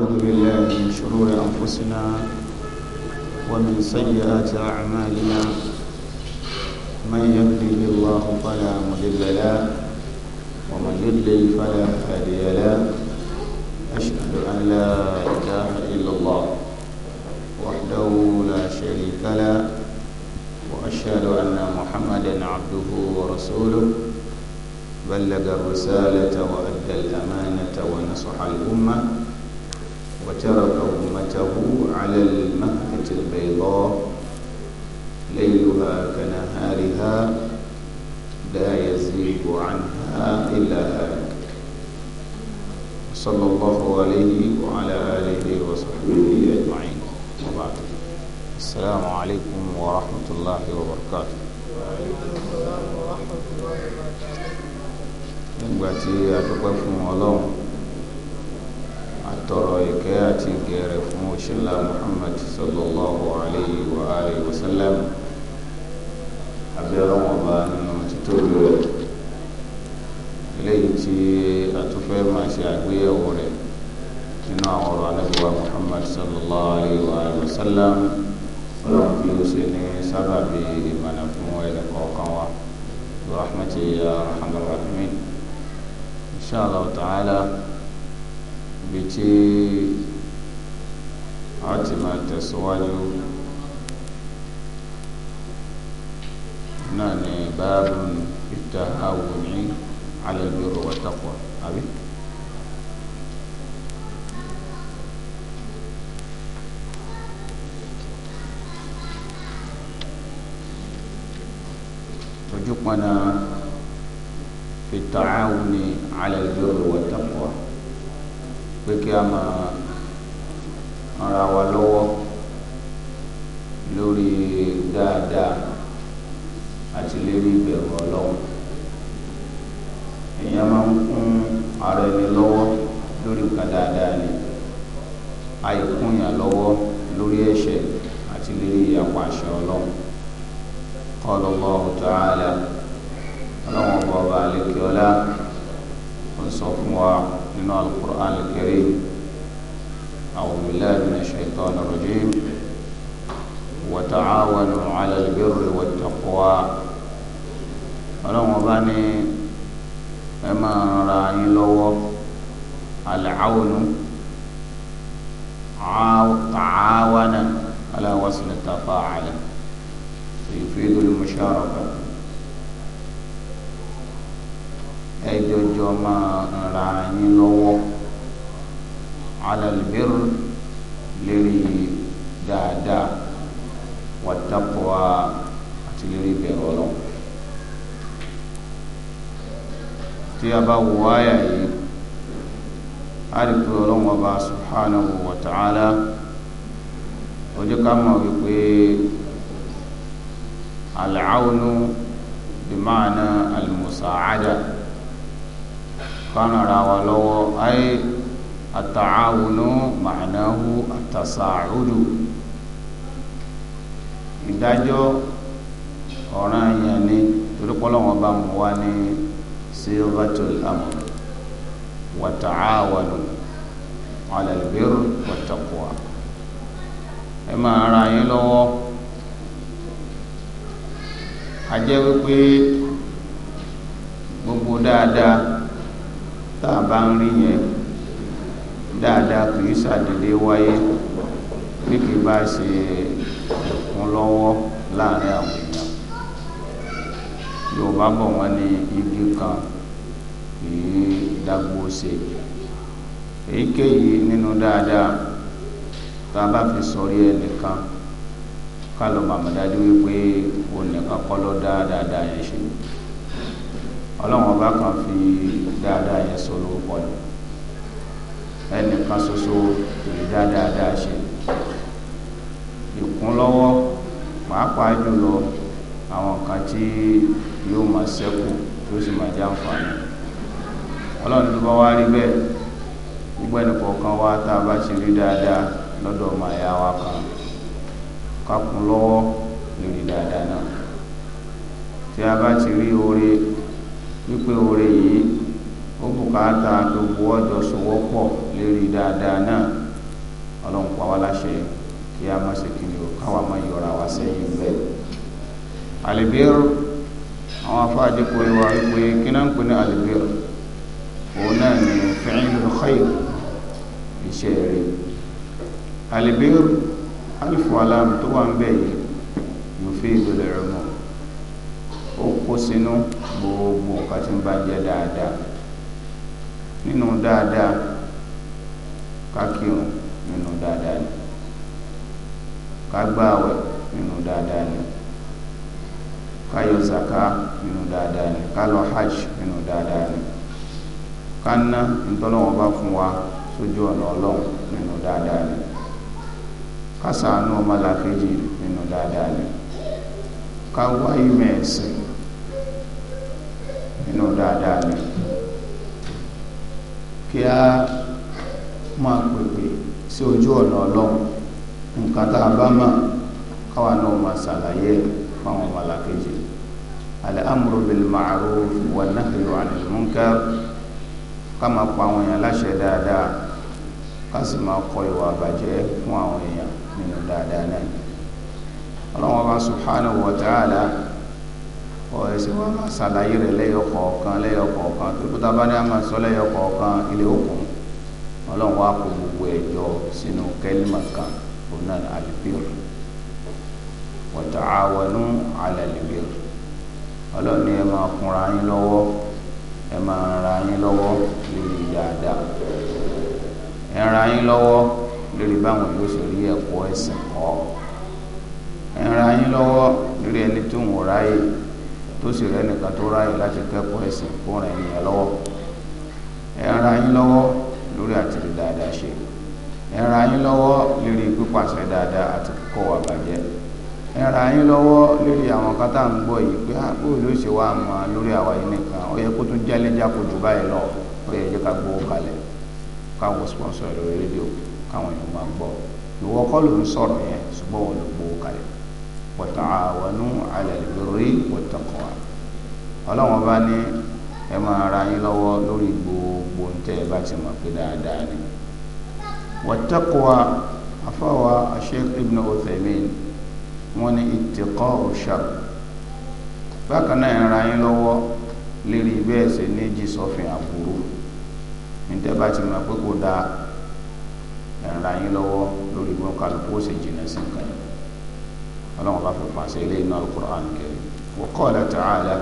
نعوذ بالله من شرور أنفسنا ومن سيئات أعمالنا من يهده الله فلا مضل له ومن يضلل فلا هادي له أشهد أن لا إله إلا الله وحده لا شريك له وأشهد أن محمدا عبده ورسوله بلغ الرسالة وأدى الأمانة ونصح الأمة وترك أمته على المهجة البيضاء ليلها كنهارها لا يزيد عنها إلا هالك صلى الله عليه وعلى آله وصحبه أجمعين وبعد السلام عليكم ورحمة الله وبركاته nígbà tí a dúpẹ́ fún ọlọ́run ترايكاتي كيرف موش الله محمد صلى الله عليه وآله وسلم أبي رمضان نمتتولو ليتي أتفير ما شاكوية وري إن أمر نبوة محمد صلى الله عليه وآله وسلم ربي يسيني سببي من أفهم ويلك وقوة برحمتي يا أرحم الراحمين إن شاء الله تعالى bí tí a ti máa tẹ̀síwájú náà ni báàbù ìtàhàwùní ala al-birri wa taqwa àbí. ojúpọnà ìtàhàwùní ala al-birri wa taqwa. pé kí a máa ara wa lọ́wọ́ lórí dáadáa àti lérí ìbẹ̀rù ọlọ́run èèyàn máa ń kún ara ẹni lọ́wọ́ lórí nǹkan dáadáa ni àìkúnyàn lọ́wọ́ lórí ẹ̀ṣẹ̀ àti lérí ìyapa àṣẹ ọlọ́run قال الله تعالى ọlọ́run ọba àlekè ọlá ó fún wa. nínú alukur'an al-karim a'udhu billahi minash shaitanir rajim wa ta'awanu 'ala al-birri wat-taqwa ọlọ́run ọba ní ẹ máa ra yín lọ́wọ́ al-'awnu ta'awana ala wasl tafa'ala yufidu al ẹjọjọ máa ra yín lọ́wọ́ alalibir lérí dáadáa wàtàkùwà àti lérí bẹ̀rù ọlọ́run tí a bá wò wáyà yìí a lè pe ọlọ́run ọba subhanahu wa ta'ala ó ká mọ̀ wípé al-aunu bi al kánàrà wa lọ́wọ́ ayé àtàáwùnú màánáwù àtàsàáhùdù ìdájọ́ ọ̀ràn yẹn ni torípọ́lọ́wọ́n bá mú wa ní sílvatul amr wàtàáwùnú alàlbẹ́rù wàtàkùwà ẹ máa ra yín lọ́wọ́ a jẹ́ wípé gbogbo dáadáa tá a bá ń rí yẹn dáadáa kì í ṣàdédé wáyé bí kì í bá ṣe kún lọ́wọ́ láàrin àwọn èèyàn yorùbá bọ̀ wọ́n ní igi kan kì í dágbó ṣe èyíkéyìí nínú dáadáa tá a bá fi sọrí ẹnìkan ká lọ màmúdájú wípé òun kọ́ ló dá dáadáa yẹn ṣe ni ọlọ́run ọba kan fi dáadáa yẹn sọ lówó pọ̀lú ẹnìkan ṣoṣo lè dá dáadáa ṣe ìkúnlọ́wọ́ pàápàá jùlọ àwọn kan tí yóò máa ṣẹ́kù tó sì máa jẹ́ àǹfààní ọlọ́run tó bá wá rí bẹ́ẹ̀ gbogbo ẹnìkọ̀ọ̀kan wá tá a bá ṣe rí dáadáa lọ́dọ̀ ọmọ ẹ̀yà wa kan ká kún lọ́wọ́ lórí dáadáa náà tí a bá ti rí oore wípé oore yìí ó bùkátà gbogbo ọjọ́ sowọ́pọ̀ lérí dáadáa náà ọlọ́run pa wá láṣẹ kí a má ṣe kiri o káwa má yọra wá sẹ́yìn bẹ́ẹ̀. àlìbẹ́rù àwọn afáàjẹ kò wá wípé kí náà ń pè ní àlìbẹ́rù òun náà ní fi'lul khair iṣẹ́ rẹ̀ àlìbẹ́rù alifu alam tó wà ń bẹ̀ yìí yóò fi ìdọ̀lẹ̀ rẹ̀ mọ́ kó sínú gbogbo nǹkan tí ń bá jẹ́ dáadáa nínú dáadáa kákírun nínú dáadáa ni kágbáwẹ̀ nínú dáadáa ni káyọ zaka nínú dáadáa ni kálọ hajj nínú dáadáa ni kánná ntọ́lọ́wọ́n bá fún wa sójú ọ̀nà ọlọ́run nínú dáadáa ni kásánú ọmọlàkejì nínú dáadáa ni ká wáyé mẹ́ẹ̀sìn nínú dáadáa ni kí a máa pèpè sí ojú ọ̀nà ọlọ́run nǹkan tá a bá mọ̀ káwa náà máa ṣàlàyé fáwọn ọmọlàkejì al-amru bil ma'ruf wa nahyu 'anil munkar ká máa pa àwọn èèyàn láṣẹ dáadáa ká sì máa kọ ìwà àbàjẹ́ fún àwọn èèyàn nínú dáadáa náà ọlọ́run wa subhanahu wa ta'ala. ọ̀rẹ́ sí wọ́n máa ṣàlàyé rẹ̀ lẹ́yọkọ̀ọ̀kan lẹ́yọkọ̀ọ̀kan tó kúta bá ní a máa sọ lẹ́yọkọ̀ọ̀kan ilé òkun ọlọ́run wá kó gbogbo ẹ̀jọ sínú kẹ́límà òun náà àlùbíọ̀rù wa ọlọ́run ẹ máa yín lọ́wọ́ ẹ máa ra yín lọ́wọ́ lórí ẹ ra yín lọ́wọ́ lórí báwọn yóò ṣe rí ẹ̀kọ́ ẹ̀sìn kọ́ ẹ ra yín lọ́wọ́ lórí ẹni tó ń tó sì rẹ́ nìkan tó ráyè láti kẹ́kọ̀ọ́ ẹ̀sìn kó ràn ènìyàn lọ́wọ́ ẹ ràn yín lọ́wọ́ lórí àti rí dáadáa ṣe ẹ ràn yín lọ́wọ́ lórí pípàṣẹ dáadáa àti kíkọ̀ wà bàjẹ́ ẹ ràn yín lọ́wọ́ lórí àwọn kátà ń gbọ́ yìí pé àbúrò ah, ló ṣe wá mọ́ lórí àwa yìí nìkan ó yẹ kó tún jálẹ́jà kò jù báyìí lọ ó yẹ jẹ́ ká gbowó kalẹ̀ káwọn sponsor lórí rédíò káwọn èèyàn máa gbọ́ ìwọ kọ́ ló ń sọ̀rọ̀ yẹn ṣùgbọ́n wọn ló gbowó kalẹ̀ wa ta'awanu 'ala al-birri wat-taqwa ọlọ́run ọba ní ẹ máa ra yín lọ́wọ́ lórí gbogbo tẹ́ ẹ bá ti mọ̀ pé dáadáa ni wat-taqwa afọwọ́ Sheikh Ibn Uthaymin wọ́n ní ittiqa'u sharr bákan náà ẹ ra yín lọ́wọ́ lérí bẹ́ẹ̀ sì ní jí sọ́fin àbúrò níta bá ti mọ̀ pé kò dáa ẹ ra yín lọ́wọ́ lórí gbọ́n kálukú ó sì jìnnà sí nǹkan ọlọ́run bá fi pàṣẹ ilé inú alukur'an kẹrin wa qala ta'ala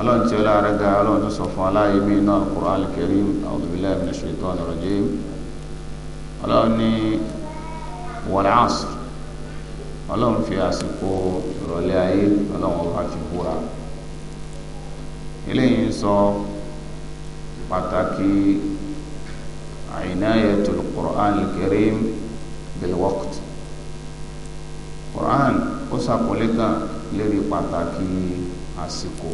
ọlọ́run tí ó lára ga ọlọ́run tó sọ fún aláyé mi inú alukur'an kẹrin a'udhu billahi minash shaitanir rajim ọlọ́run ní wal 'asr ọlọ́run fi àsìkò pàtàkì àìnáyẹ̀tul Qur'an al-Karim bil waqt Quran ó sàkólé kan lérí pàtàkì àsìkò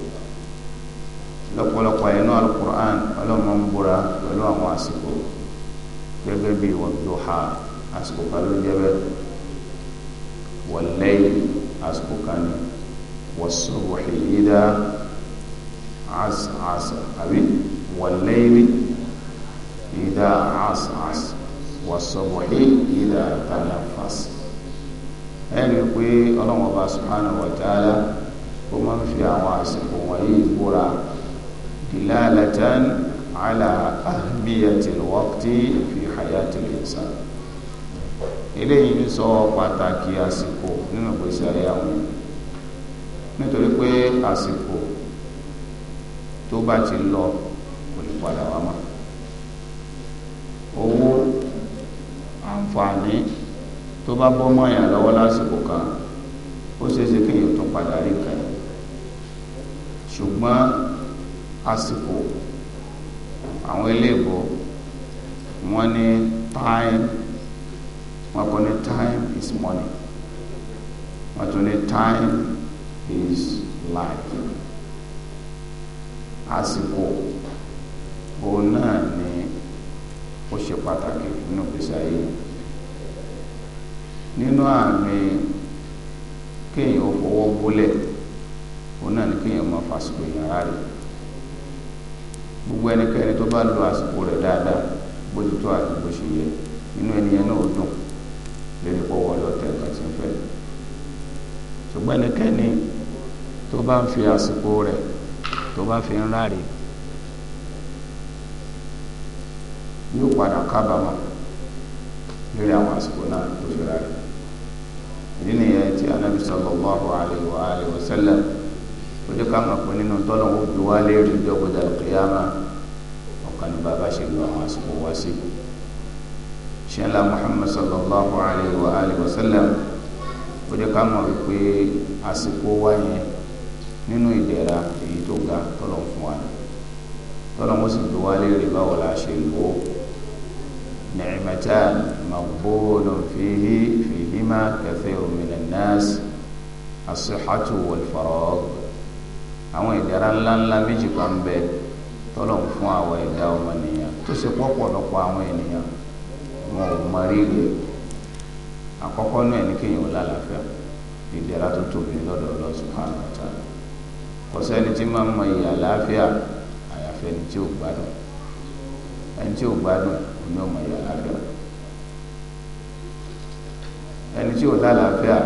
lọ́pọ̀lọpọ̀ inú alukur'an ọlọ́mọ ń búra pẹ̀lú àwọn àsìkò gẹ́gẹ́ bí wàdúhà àsìkò kan ló jẹ́ bẹ́ẹ̀ wàlẹ́yìn àsìkò kan ní wàsùwàhì ìdá àsàásà àbí wàlẹ́yìn ìdá àsàásà wàsùwàhì ìdá ẹ rí i pé ọlọ́run ọba subhanahu wa ta'ala ó máa ń fi àwọn àsìkò wọ̀nyí ìbúra dilalatan ala ahmiyatil waqti fi hayatil insan eléyìí ń sọ pàtàkì àsìkò nínú ìgbésí ayé àwọn nítorí pé àsìkò tó bá ti lọ kò ní padà wá mọ́ owó àǹfààní tó bá bọ́ mọ́ àyàn lọ́wọ́ lásìkò kan ó ṣeé ṣe kéèyàn tó padà rí nǹkan yìí ṣùgbọ́n àsìkò àwọn eléèbó wọ́n ní time wọ́n kọ́ ní time is money wọ́n tún ní time is life àsìkò òun náà ni ó ṣe pàtàkì nínú ìgbésí ayé yìí. nínú àmì kéèyàn fọwọ́ bólẹ̀ náà ni kéèyàn máa fàsìkò èèyàn ara rẹ̀ gbogbo ẹnikẹ́ni tó bá lo àsìkò rẹ̀ dáadáa bó ti tó àti bó ṣe yẹ nínú ẹniyẹn náà ó dùn lórí pọ̀wọ́ ọlọ́tẹ̀ nǹkan ń fẹ́ ṣùgbọ́n ẹnikẹ́ni tó bá ń fi àsìkò rẹ̀ tó bá fi ń ráre yóò padà kábàámọ̀ lórí àwọn àsìkò náà tó fi ráre. ìdí nìyẹn tí anabi sallallahu alayhi wa alayhi wa sallam ojú ká máa pè nínú tọ́lọ̀ ó bí wá léèrè ìjọba kìyàmá ọ̀kan ní bàbá ṣe lu àwọn àsìkò wá sí ṣẹlá muhammad sallallahu alayhi wa alayhi wa sallam ojú ká máa wípé àsìkò wá yẹn nínú ìdẹ̀ra èyí tó ga tọ́lọ̀ fún wa ni tọ́lọ̀ ó sì bí wá léèrè báwo la ṣe lò ó nìyẹn مقبول فيه فيهما كثير من الناس الصحة والفراغ àwọn ìdára ńláńlá méjì kan bẹ tọ́lọ̀ ń fún àwọn ẹ̀dá ọmọnìyàn tó ṣe pọ̀pọ̀lọpọ̀ àwọn ènìyàn wọn ò mọ rírì àkọ́kọ́ náà ní kéèyàn ò lálàáfíà ìdára tó tóbi lọ́dọ̀ Allah subhanahu wa ta'ala kò sẹ́ni tí máa ń mọ ìyà àlàáfíà àyàfẹ́ ẹni tí ò gbádùn ẹni tí ò gbádùn ní ọmọ ìyà àlàáfíà ẹni tí ò lálàáfíà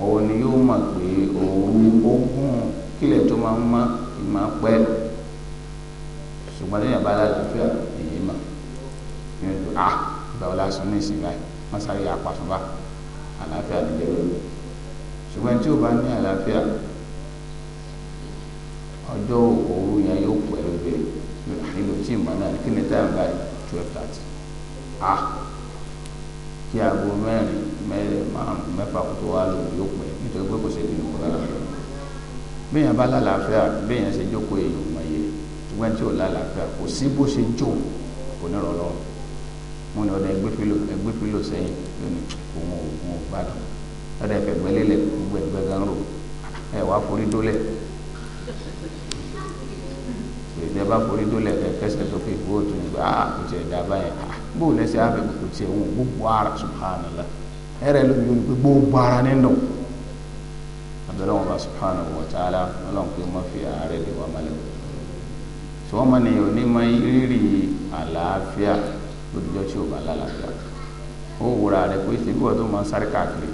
òun ni yóò mọ̀ pé òun ogún kílẹ̀ tó máa ń mọ́ ìmọ̀ pẹ́ ṣùgbọ́n lẹ́yìn bá lálàáfíà èyí mọ̀ ní ojú à ìgbà wo la sùn ní ìsìn báyìí wọ́n sáré apàṣọba àlàáfíà nílé lórí ṣùgbọ́n tí ò bá ní àlàáfíà ọjọ́ òru yẹn yóò pẹ́ lóde nílò tí ìmọ̀ náà kí ni táyà báyìí twelve thirty ah kí aago mẹ́rin mẹ́fà kó tó wá lòun yóò pẹ́ nítorí pé kò sí ìdìbò kó lálàáfíà béèyàn bá lálàáfíà béèyàn ṣe jókòó èèyàn mọ̀ iye ṣùgbọ́n tí ò lálàáfíà kò sí bó ṣe jò kò ní rọ̀lọ́ mo ní ọ̀dọ̀ ẹgbẹ́ fílò ẹgbẹ́ fílò sẹ́yìn lónìí òun òun ò gbádùn ọ̀dọ̀ ẹ̀fẹ̀ gbẹ́lélẹ̀ gbogbo ẹ̀gbẹ́ gan rò ẹ̀ wá forí dólẹ̀ ìdẹ́ bá forí dólẹ̀ ẹ̀ kẹsẹ̀ sókè bóòtù nígbà kò tiẹ̀ dábàá yẹn bóòlù ẹsẹ̀ àfẹ́ kò tiẹ̀ òun gbogbo ara subhanallah ẹrẹ lómi yóò pé gbogbo ara ní dùn abẹ́rẹ́ wọn bá subhanahu wa ta'ala ọlọ́run pé wọ́n fi ààrẹ lè wá malẹ̀ tí wọ́n mọ̀ ní onímọ̀ rírì àlàáfíà lójújọ́ tí ò bá lálàáfíà ó wúra rẹ̀ pé ṣe bí wọ́n tó máa ń sáré káàkiri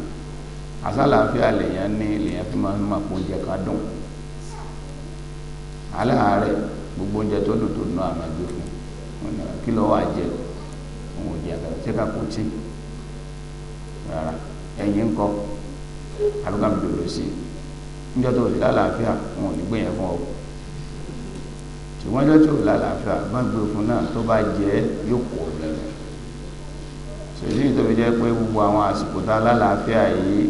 àsálàáfíà lèèyàn ní lèèyàn fi máa ń mọ̀ pé oúnjẹ kan dùn aláàárẹ̀ gbogbo oúnjẹ tó dùn tó dùn àmàgbé fún un kí ló wà jẹ òun ò jẹ àgàtà tí ká kú rárá ẹyin ńkọ àbúgbàmù dòdò sí níjọ́ tó lálàáfíà wọn ò ní gbìyànjú fún ọ ṣùgbọ́n níjọ́ tó lálàáfíà bá gbé fún náà tó bá jẹ́ yóò pọ̀ lẹ́nu ṣèṣì tó fi jẹ́ pé gbogbo àwọn àsìkò tá lálàáfíà yìí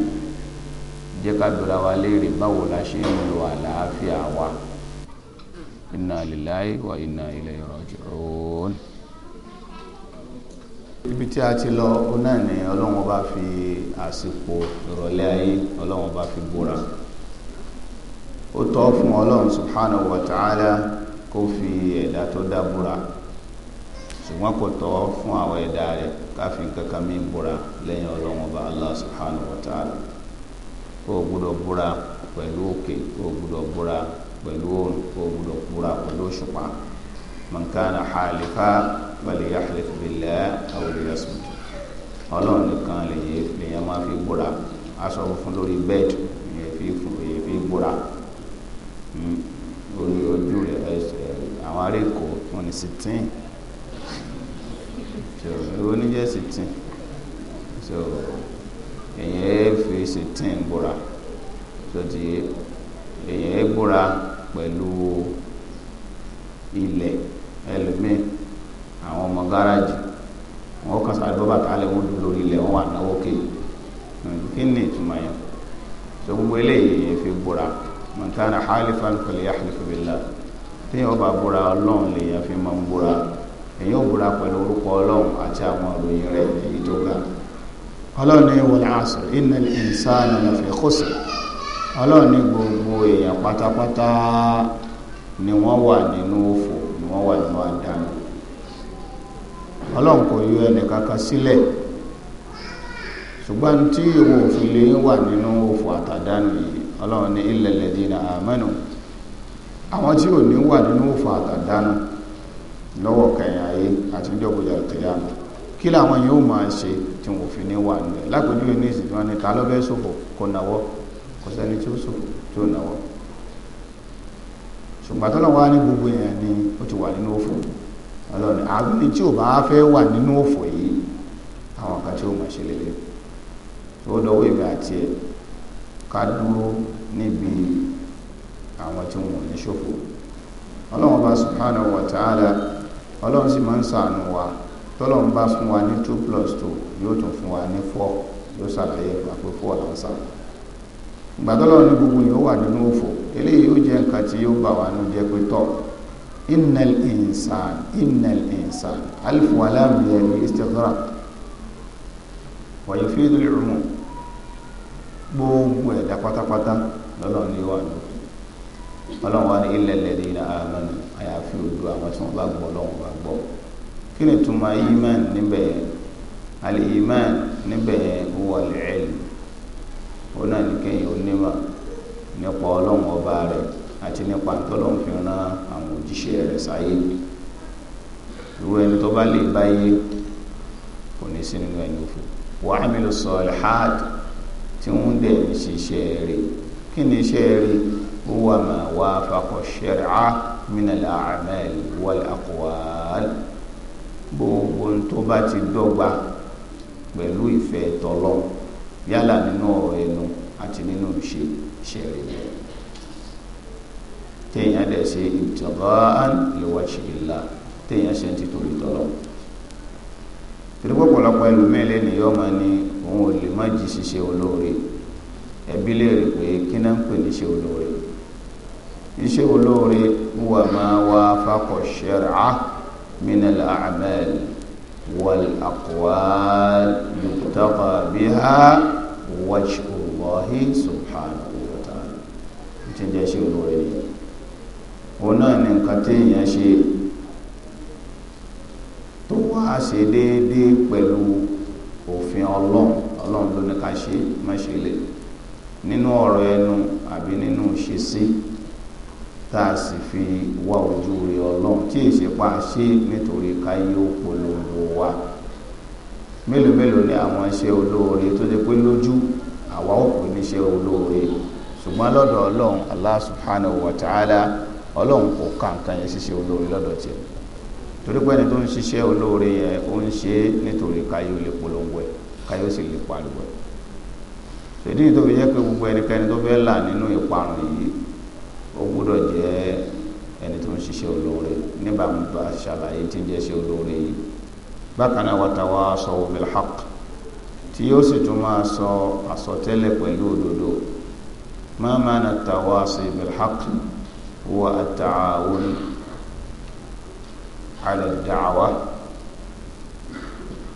inna lillahi wa inna ilayhi raji'un ibi tí a ti lọ ó náà ní ọlọ́run bá fi àsìkò ìrọ̀lẹ́ ayé ọlọ́run bá fi búra ó tọ́ fún ọlọ́run subhanahu wa ta'ala kó fi ẹ̀dá tó dá búra ṣùgbọ́n kò tọ́ fún àwọn ẹ̀dá rẹ̀ káfí kankan mí búra lẹ́yìn ọlọ́run ọba allah subhanahu wa ta'ala kó o gbúdọ̀ búra pẹ̀lú òkè kó o gbúdọ̀ búra pẹ̀lú òrùn kó o gbúdọ̀ búra pẹ̀lú òṣùpá man kana falyahlif billah aw liyasmut ọlọ́run nìkan lèyàn máa fi búra aṣọ funfun lórí bẹ́ẹ̀dì èyàn fi búra orí hmm. ojú rẹ̀ àwọn ará èkó wọn ni sixteen owó níjẹ́ sixteen so èyàn fi sixteen búra so ti èyàn búra pẹ̀lú ilẹ̀ ẹlòmíì àwọn ọmọ gáràjì wọn kàn sáré bọ́bà kálẹ̀ wọn dùn lórí ilẹ̀ wọn wà náwó kéyì hmm, kí ni ìtumọ̀ yẹn sọ gbogbo eléyìí yẹn fi búra mọ̀tánà halifan falyahlif billah téèyàn bá búra ọlọ́run lèèyàn fi máa ń búra èèyàn ò búra pẹ̀lú orúkọ ọlọ́run àti àwọn ìròyìn rẹ̀ èyí tó ga ọlọ́run ní wal asr innal insana lafi khusr ọlọ́run ní gbogbo èèyàn pátápátá ni wọ́n wà nínú òfò ni wọ́n wà nínú àdánù ọlọ́run kò yọ ẹnìkankan sílẹ̀ ṣùgbọ́n tí ìwò òfin lè wà nínú òfò àtàdánù yìí ọlọ́run ní illal ladina amanu àwọn tí ò ní wà nínú òfò àtàdánù lọ́wọ́ kẹyìn ayé àti ìjọba kìyàmù kí làwọn yóò máa ṣe tí fi ní wà nílẹ̀ ní ìsìn tí ní ta ṣòfò kò kò sẹ́ni tí ó ṣòfò tí ó ṣùgbọ́n tọ́lọ́wọ́ á ní gbogbo èèyàn ni ti wà nínú ọlọ́ni àbílí tí ò bá fẹ́ wà nínú òfò yìí àwọn kan tí ó mọ̀ ṣe lélẹ̀ ìgbà àti ẹ̀ ká dúró níbi àwọn tí ní ṣòfò ọlọ́run bá subhanahu wa ta'ala ọlọ́run sì máa ń sàánú wa tọ́lọ́run bá fún wa ní two plus two yóò tún fún wa ní four yóò ṣàlàyé pàpẹ four là ń sàn ìgbà tọ́lọ́run ní gbogbo yìí ó wà nínú òfò eléyìí ó jẹ́ nǹkan tí yóò bà wá jẹ́ pé إن الإنسان إن الإنسان ألف ولام yẹni istighraq ويفيد yufidu al-umum gbogbo ẹ̀dá pátápátá lọ́lọ́ ní wà lókè ọlọ́run wà ní illa alladhina amanu àyàfi ojú àwọn tí wọ́n bá gbọ́ ọlọ́run bá gbọ́ kí ni túmọ̀ iman níbẹ̀ al-iman níbẹ̀ huwa al-ilm ó náà ní onímọ̀ nípa ọlọ́run ọba rẹ̀ àti nípa tọ́lọ́n fi ran àwọn òjíṣẹ́ rẹ̀ sáyé irú ẹni tó bá lè báyé kò ní sí nínú ẹni òfò wà á mìlò sọ̀rọ̀ hard tí wọ́n dẹ̀ ń ṣiṣẹ́ rẹ̀ kí ni iṣẹ́ rẹ̀ ó wà máa wá fakọ̀ ṣẹ̀rá mìnàlá àmẹ́lì wọlé àkọ́wàl gbogbo tó bá ti dọ́gba pẹ̀lú ìfẹ́ tọ́lọ́ yálà nínú ẹnu àti nínú ìṣe ìṣẹ̀rẹ̀ yẹn téèyàn dẹ̀ ṣe ìtọ̀gọ́án lèwọ̀ ṣìlá téèyàn ṣe ń ti torí tọ́lọ̀ torí pọ̀pọ̀lọpọ̀ ẹlòmíín lẹ́nu yóò máa ní òun ò lè má jí ṣiṣẹ́ olóore ẹbí léèrè pé kí náà ń pè níṣẹ́ olóore iṣẹ́ olóore wà máa wá fakọ̀ ṣẹ̀rá mínàlá àmẹ́lì wàlàkùwàl yùtàkà bí ha wàjú subhanahu wa ta'ala ìtẹ́jẹ́ ṣe olóore nìyẹn òun náà ni nǹkan tí èèyàn ṣe tó wá ṣe déédé pẹ̀lú òfin ọlọ́run ọlọ́run ló ní ká ṣe má ṣe lè nínú ọ̀rọ̀ ẹnu àbí nínú ṣe sí tá a sì fi wá ojú rẹ ọlọ́run tí ìṣepá ṣe nítorí káyé ó polongo wa mélòó mélòó ni àwọn iṣẹ́ olóore tó jẹ́ pé lójú àwa ò pè níṣẹ́ olóore ṣùgbọ́n lọ́dọ̀ ọlọ́run Allah subhanahu wa ta'ala ọlọ́run kò ka nǹkan yẹn ṣiṣẹ́ olóore lọ́dọ̀ tiẹ̀ torí pé ẹni tó ń ṣiṣẹ́ olóore yẹn ó ń ṣe é nítorí káyọ̀ lè polongo ẹ̀ káyọ̀ sì lè pariwo ẹ̀ ṣèdí tó fi jẹ́ pé gbogbo ẹnikẹ́ni tó fẹ́ là nínú ìparun yìí ó gbúdọ̀ jẹ́ ẹni tó ń ṣiṣẹ́ olóore níbàámu bá ṣàlàyé tí ń jẹ́ ṣe olóore yìí bákan náà watawasaw bil haqq tí yóò sì tún máa sọ àsọtẹ́lẹ̀ pẹ̀lú òdodo ma mana tawasi bil haqq والتعاون على الدعوة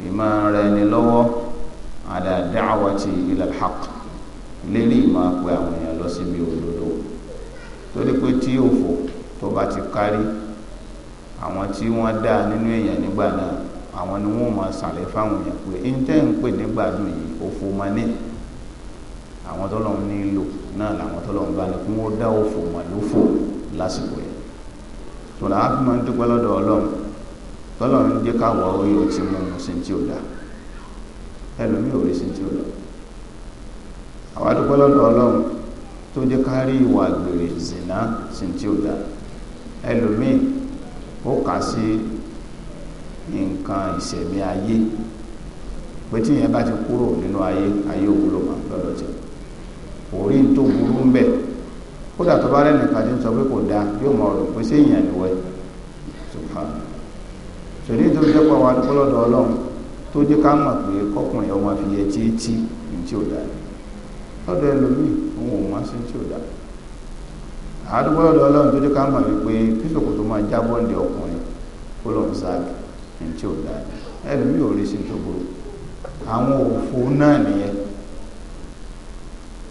بما رأني لو على دعوتي إلى الحق للي ما أقوى من يلوسي بيولودو torí pé tí òfò كاري، bá ti kárí àwọn tí wọ́n dá nínú èèyàn nígbà náà àwọn ni wọ́n máa sàlẹ̀ fáwọn èèyàn pé intel ń pè nígbàdùn yìí òfò máa ní àwọn tọ́lọ́run nílò náà làwọn tọ́lọ́run bá ní kí wọ́n dá òfò mọ̀ lófò. lásìkò yẹn tòlà á fi máa ń dúpẹ́ lọ́dọ̀ ọlọ́run tọ́lọ́run jẹ́ káwọ̀ oyè ó ti mú un sí tí ó dá ẹlòmíì ò rí sí tí ó dá àwa dúpẹ́ lọ́dọ̀ ọlọ́run tó ìwà zìnà tí kúrò nínú ayé ayé òwúlò máa ń lọ́dọ̀ orí kódà tó bá rẹ̀ nìkan ti ń sọ pé kò dáa yóò mọ ọ̀rọ̀ pé sí èèyàn nìwẹ̀ ṣùgbọ́n ṣòdí tó jẹ́ pọ̀ wá lọ́dọ̀ ọlọ́run tó jẹ́ ká mọ̀ pé kọkùnrin ọmọ fi yẹ tí tí ní tí ò dáa lọ́dọ̀ ẹlòmíì òun ò mọ̀ sí tí ò dáa àádúgbò lọ́dọ̀ ọlọ́run tó jẹ́ ká mọ̀ wípé kí ṣòkòtò máa jábọ́ ǹdẹ ọkùnrin kó lọ́n sáàgì ní tí ò dáa ẹlòmíì ò rí sí tó burú àwọn òfò náà nìyẹn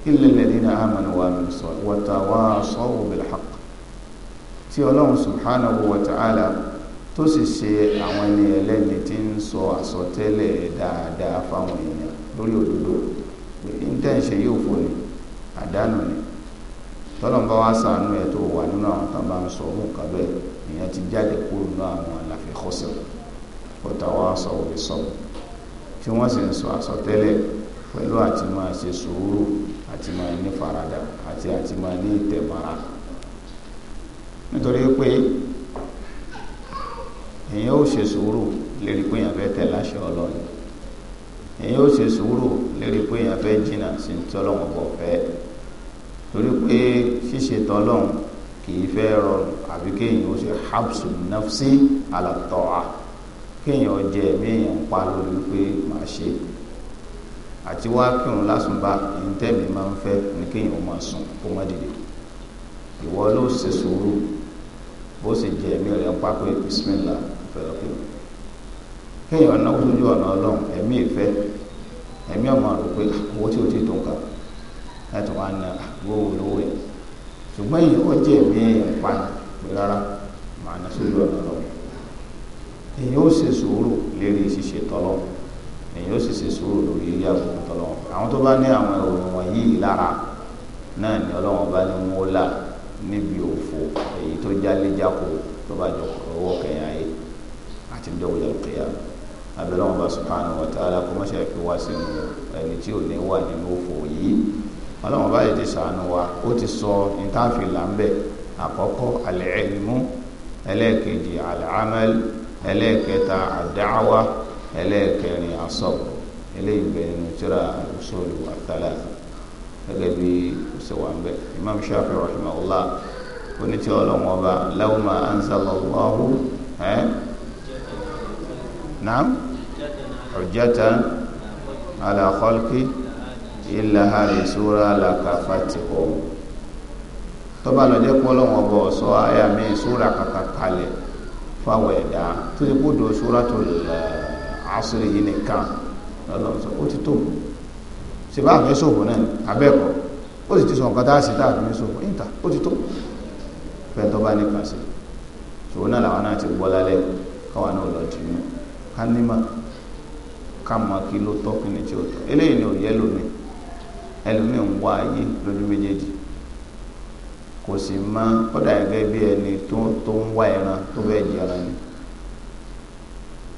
إلا الذين آمنوا wa watawasaw bil haqq tí ọlọ́run subhanahu wa ta'ala tó sì ṣe àwọn ẹni ẹlẹ́ni tí ń sọ àsọtẹ́lẹ̀ dáadáa fáwọn èèyàn lórí òdodo pé intanṣe yóò fò ní àdánù ni tọ́lọ́n bá wá sàánú ẹ̀ tó wà nínú àwọn tán bá ń sọ ohun kan bẹ́ẹ̀ èèyàn ti jáde kúrò nínú àwọn àlàfẹ́ kọ́sẹ̀ ọ̀tá wa sọ òbí sọ tí wọ́n sì ń sọ àsọtẹ́lẹ̀ pẹ̀lú àti máa ṣe sùúrù àti máa ní faradà àti àti máa ní ìtẹ̀mára nítorí pé èyàn ó ṣe sùúrù lérí pé èyàn fẹ́ tẹ̀ láṣẹ ọlọ́run èyàn ó ṣe sùúrù lérí pé èyàn fẹ́ jìnnà sí tọ́lọ́run kò fẹ́ torí pé ṣíṣe tọ́lọ́run kì í fẹ́ rọrùn àbí kéèyàn ó ṣe habsu nafsi alatọ́a kéèyàn ó jẹ èyàn ń pa lórí pé màá ṣe é àti wá kírun lásùnbà ìtẹ́mi máa ń fẹ́ ní kéèyàn máa sùn kó má dìde ìwọ ló ṣe sùúrù bó sì jẹ ẹ̀mí rẹ̀ ń pápẹ́ bisimilá fẹ́rẹ̀ kí kéèyàn náwó sójú ọ̀nà ọlọ́run ẹ̀mí ìfẹ́ ẹ̀mí ọmọ rò pé ah, owó tí o ti tó nǹkan láti wá na ah, gbówó lówó ẹ̀ ṣùgbọ́n èyí ó jẹ́ ẹ̀mí ìpanu pé rárá màá na sójú ọ̀nà ọlọ́run èyí ó ṣe sùúrù lérí ṣíṣe tọ́lọ́run èyí ó sì ṣe sùúrù lórí yíyá burúkú tọ́lọ́wọ́n bá àwọn tó bá ní àwọn ìròyìn wọ̀nyí lára náà ni ọlọ́wọ́n bá ní wọ́n là níbi òfò èyí tó jálé jáko tó bá jọ ọwọ́ kẹyà yìí àti ń dọ́wọ́ yàrá kẹyà abẹ́lẹ́wọ̀n bá subhanahu wa ta'ala fi wá sínú ẹni tí ò ní wà nínú òfò yìí ọlọ́wọ́n bá yìí ti sànù wa ó ti sọ ìtàfilà ń bẹ̀ àkọ́kọ́ al-ilmu ẹlẹ́ẹ̀kejì al-amal ẹlẹ́ẹ̀kẹta ad ẹlẹ́ẹ̀kẹrin asọ́b eléyìí bẹ nínú tíra al-usulu al-thalatha gẹ́gẹ́ bí ṣèwà ń bẹ imam shafi rahimahullah oníṣẹ Ọlọ́run ọba law ma anzalallahu ẹ naam hujjatan ala khalqi illa hadhihi sura lakafatihum tọ́ba lọ́jẹ́ pé Ọlọ́run ọba ọ̀sọ́ àyà mi sura kàkà kalẹ̀ fáwọn ẹ̀dá tó yẹ kó do suratul àṣírí yìí nìkan lọ́lọ́run sọ ó ti tó ṣèbá àmì ṣòfò náà abẹ́ẹ̀kọ́ ó sì ti sọ nǹkan tá a sì tá àmì ṣòfò níta ó ti tó fẹ́ tó bá nìkan sí ṣòwò náà làwọn náà ti gbọ́ lálẹ́ káwọn náà lọ jù ú ká nímọ̀ ká mọ kí ló tọ́ kí ni tí ó tọ́ eléyìí ni ò yẹ lómi ẹlòmíì ń wá ayé lójú méjèèjì kò sì mọ ó dà gẹ́gẹ́ bí ẹni tó ń wá ẹran tó fẹ́ jẹ ẹran ni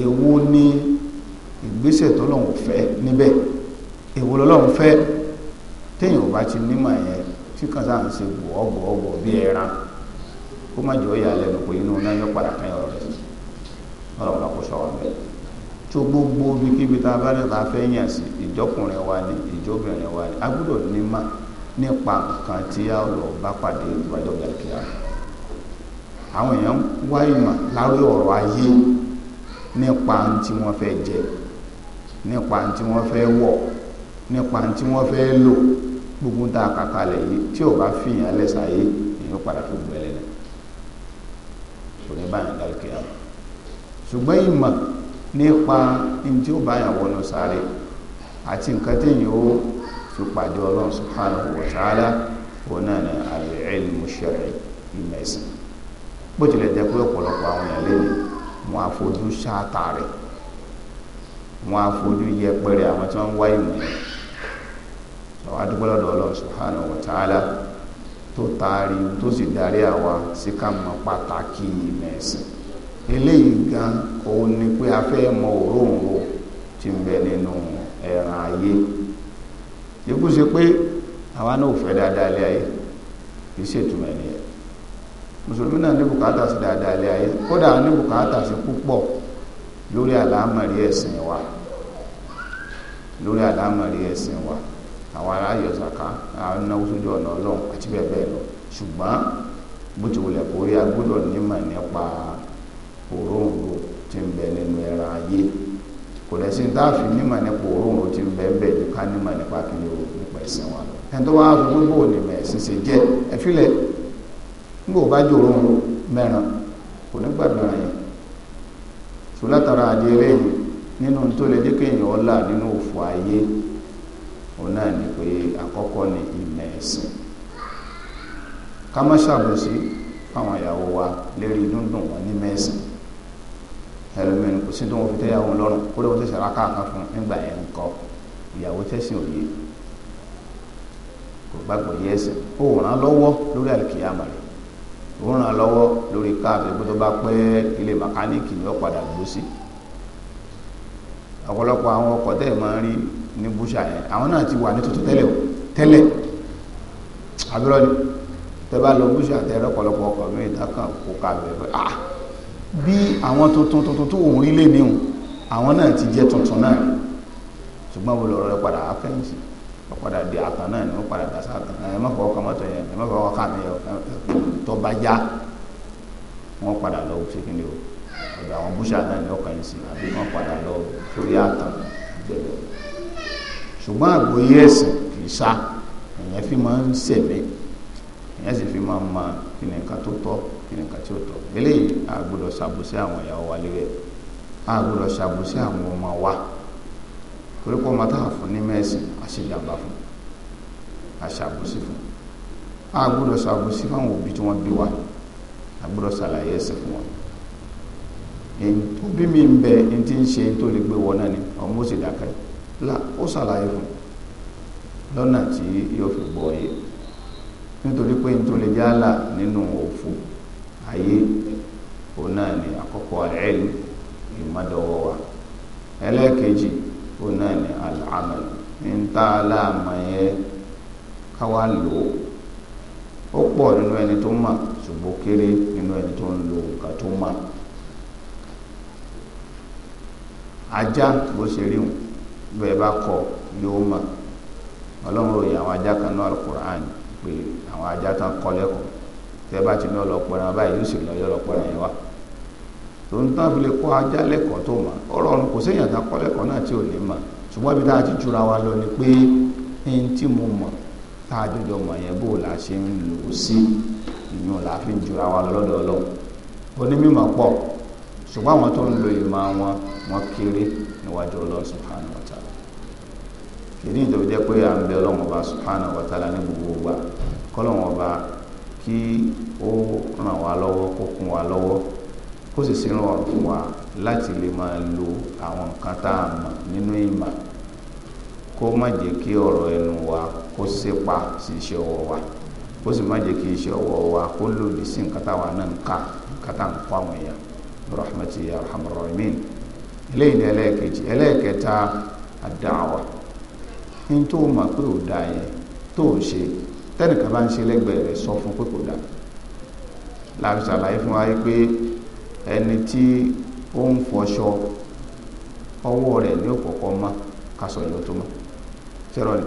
èwo ni ìgbésẹ̀ tọ́lọ́hún fẹ́ níbẹ̀ èwo lọ́lọ́hún fẹ́ téèyàn bá ti nímọ̀ yẹn tí kan sáà ń ṣe gbọ̀ọ́gbọ̀ọ́gbọ̀ bí ẹran kó má jọ yà lẹ́nu pé inú náà yọ padà kan yọrọ rẹ̀ ọ̀rọ̀ wọn sọ̀rọ̀ bẹ́ẹ̀ tó gbogbo ibikíbi tá a bá ní ta fẹ́ yàn sí ìjọkùnrin wa ni ìjọbìnrin wa ni a gbọ́dọ̀ nímọ̀ nípa nǹkan tí a lọ bá pàdé ìwájọ́ gbàdúrà àwọn èèyàn ń wá ìmọ̀ láwé ayé nípa tí wọ́n fẹ́ jẹ nípa tí wọ́n fẹ́ wọ̀ nípa tí wọ́n fẹ́ lò gbogbo tá a kà kalẹ̀ yìí tí o bá fìyàn lẹ́sàáyé èèyàn padà tó gbẹ̀lẹ̀ lẹ̀ kò ní báyìí dálùkì àwọn ṣùgbọ́n ìmọ̀ nípa ní tí ó báyìí wọnú sáré àti nǹkan téèyàn ó fi pàdé ọlọ́run subhanahu wa ta'ala òun náà ní al-ilmu shar'i ìmẹ̀sìn bó tilẹ̀ jẹ́ pé ọ̀pọ̀lọpọ̀ àwọn èèyàn lé wọn á fojú ṣáàtà rẹ̀ wọn á fojú yẹpẹrẹ àwọn tí wọ́n ń wá ìmọ̀ yẹn àwọn adúgbò lọ́dọ̀ Ọlọ́run subhanahu wa ta'ala tó taari tó sì darí àwa sí ká mọ̀ pàtàkì ìmọ̀ ẹ̀sìn eléyìí gan òun ni pé a fẹ́ mọ̀ òróǹro tí ń bẹ nínú ẹ̀ràn ayé ikú ṣe pé àwa náà ò fẹ́ dáadáa ilé ayé kì í ṣètùmọ̀ ẹ̀nìyẹn mùsùlùmí náà ní bùkátà sí dáadáa ilé ayé kódà ní bùkátà sí púpọ̀ lórí àlámọ̀rí ẹ̀sìn wa lórí àlámọ̀rí ẹ̀sìn wa àwọn ará yọ̀sàká àwọn náwó sójú ọ̀nà ọlọ́run àti bẹ́ẹ̀ bẹ́ẹ̀ lọ ṣùgbọ́n bó ti wulẹ̀ kó rí nímọ̀ nípa òróǹro tí ń bẹ nínú ẹran ayé kò lẹ́sìn tá a fi nímọ̀ nípa òróǹro ń bẹ ń ní ká nímọ̀ nípa kí ni nípa ẹ̀sìn wa lọ ẹni tó wá ṣe nígbà ó bá jòrò mẹ́ràn kò ní gbàdúrà yẹn tó látara àdé eléyìí nínú tó lè jẹ́ kéèyàn ọlá nínú òfò ayé òun náà ni pé àkọ́kọ́ ni ìmọ̀ ẹ̀sìn ká má ṣàbòsí àwọn ìyàwó wa lérí dúndùn wọn ní mẹ́sìn ẹlòmínú kò sí tó wọn fi tẹ́yàwó lọ́rùn kó lóun tẹ̀sẹ̀ rákà kan fún nígbà yẹn nǹkan ìyàwó tẹ̀sìn òye kò gbàgbọ́ yẹ́sìn ó ràn lọ́wọ́ lórí àlùkìyàmọ̀ rẹ̀ ó ràn lọ́wọ́ lórí káàtó pé tó bá pẹ́ ilé mẹkáníìkì ni ó padà gbó sí ọ̀pọ̀lọpọ̀ àwọn ọkọ̀ tẹ́ ẹ̀ máa ń rí ní búṣà yẹn àwọn náà ti wà ní tuntun tẹ́lẹ̀ tẹ́lẹ̀ abirọ́ ni tẹ́ bá lọ búṣà tẹ́ lọ́pọ̀lọpọ̀ ọkọ̀ mi ìtàn kan kò kà bẹ́ẹ̀ pé ah bí àwọn tuntun tuntun tó òun rí lé níhùn àwọn náà ti jẹ́ tuntun náà ṣùgbọ́n wo lọ́rọ̀ padà á kẹ́yìn ọ̀padà di àtàn náà ni wọ́n padà dà sátàn ẹ má fọwọ́ kan mọ́tò yẹn ẹ má fọwọ́ kan mi yẹn tó bá já wọ́n padà lọ ṣé o ọ̀dọ̀ àwọn búṣà náà ni ọkàn yìí sí àbí wọ́n padà lọ sórí àtàn gbẹ̀gbẹ̀ ṣùgbọ́n àgbóyé ẹ̀sìn kì í sá èèyàn fi máa ń sẹ̀mí èèyàn sì fi máa ń ma kí ni nǹkan tó tọ́ kí ni nǹkan tí ó tọ́ eléyìí a gbọ́dọ̀ àwọn ìyàwó torí mata ọmọ táà fún ní mẹ́sìn àṣejàmbá fún àṣàbùsí fún a gbọ́dọ̀ ṣàbùsí fáwọn òbí tí wọ́n bí wa a gbọ́dọ̀ ṣàlàyé ẹ̀sìn fún wọn mi ń bẹ ń ṣe tó lè gbé wọn náà ni ọmọ ó sì dákẹ́ la ó ṣàlàyé fún lọ́nà tí yóò fi gbọ́ yé nítorí pé tó lè jálà nínú òfò ayé òun náà ni àkọ́kọ́ ó ni ní al-amal ń tá a láàmà yẹn káwá lò ó ó pọ̀ nínú ẹni tó mà ṣùgbọ́n kéré nínú ẹni tó ń lo nǹkan tó mà ajá bó ṣe rí bẹ́ẹ̀ yóò mà ọlọ́run ròyìn àwọn ajá kan náà Al-Qur'an pé àwọn ajá kan kọ́ lẹ́kọ̀ọ́ tẹ́ bá ti ní ọlọ́pọ̀ ẹran báyìí yóò sì lọ yọ ọlọ́pọ̀ ẹran yẹn wá. tó ń tán fi lè kọ́ ajá lẹ́kọ̀ọ́ tó mọ̀ ọ̀rọ̀ ọ̀run kò séèyàn tá kọ́ lẹ́kọ̀ọ́ náà tí ò ní mọ̀ ṣùgbọ́n ibi tá ti jura wa lọ ni pé ẹni tí mo mọ̀ jọjọ mọ̀ yẹn bó la ṣe ń lò ó sí ìyún la fi ń jura wa lọ́dọ̀ ọlọ́run onímọ̀ pọ̀ ṣùgbọ́n àwọn tó ń lo ìmọ̀ pé à ń bẹ kó sì sínú ọ̀rọ̀ fún wa láti lè máa lo àwọn nǹkan tá a mọ̀ nínú ìmọ̀ kó má jẹ́ kí ọ̀rọ̀ ẹnu wa kó sépa sí iṣẹ́ ọwọ́ wa kó sì má jẹ́ kí iṣẹ́ ọwọ́ wa kó lòdì sí nǹkan táwa náà ń kà nǹkan tá à ń kó àwọn èèyàn rahmatu ya rahman rahimin eléyìí ni ẹlẹ́ẹ̀kejì ẹlẹ́ẹ̀kẹta àdáwà ní tó mọ̀ pé ò da yẹn tó ò ṣe tẹ́nìkan bá ń ṣe lẹ́gbẹ̀ẹ́ rẹ̀ sọ fún pé kò dà láti ṣàlàyé fún wa pé ẹni tí ó ń fọṣọ ọwọ́ rẹ̀ ní òkọ̀kọ́ mọ́ kásọ ìlú tó mọ́ ṣẹ́rọ̀ ni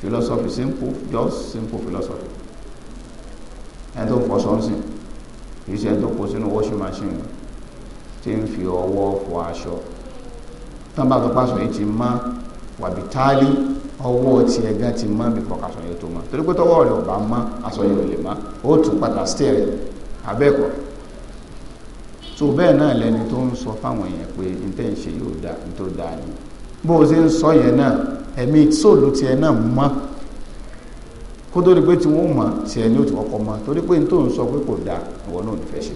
philosophy simple just simple philosophy ẹni tó ń fọṣọ ń sìn kì í ṣe ẹni tó kó sínú washing machine tí ń fi ọwọ́ fọ aṣọ tán bá tó pàṣọ yìí ti má wàbí táálí ọwọ́ ti ẹ̀gá ti má bí kọ́ kásọ yìí tó má torí pé tọwọ́ rẹ̀ ò bá má aṣọ yìí ò lè má ó tún padà stẹ́ẹ̀rẹ̀ abẹ́ẹ̀kọ́ so bẹ́ẹ̀ náà lẹni tó ń sọ fáwọn èèyàn pé n tẹ́ ń ṣe yóò dá n tó dá ni bó o ṣe ń sọ yẹn náà ẹ̀mí sóòlù tiẹ̀ náà mọ́ kó tó di pé tí wọ́n mọ̀ tiẹ̀ ni ó ti kọ́kọ́ mọ́ torí pé n tó ń sọ pé kò dá ìwọ náà ò ní fẹ́ ṣe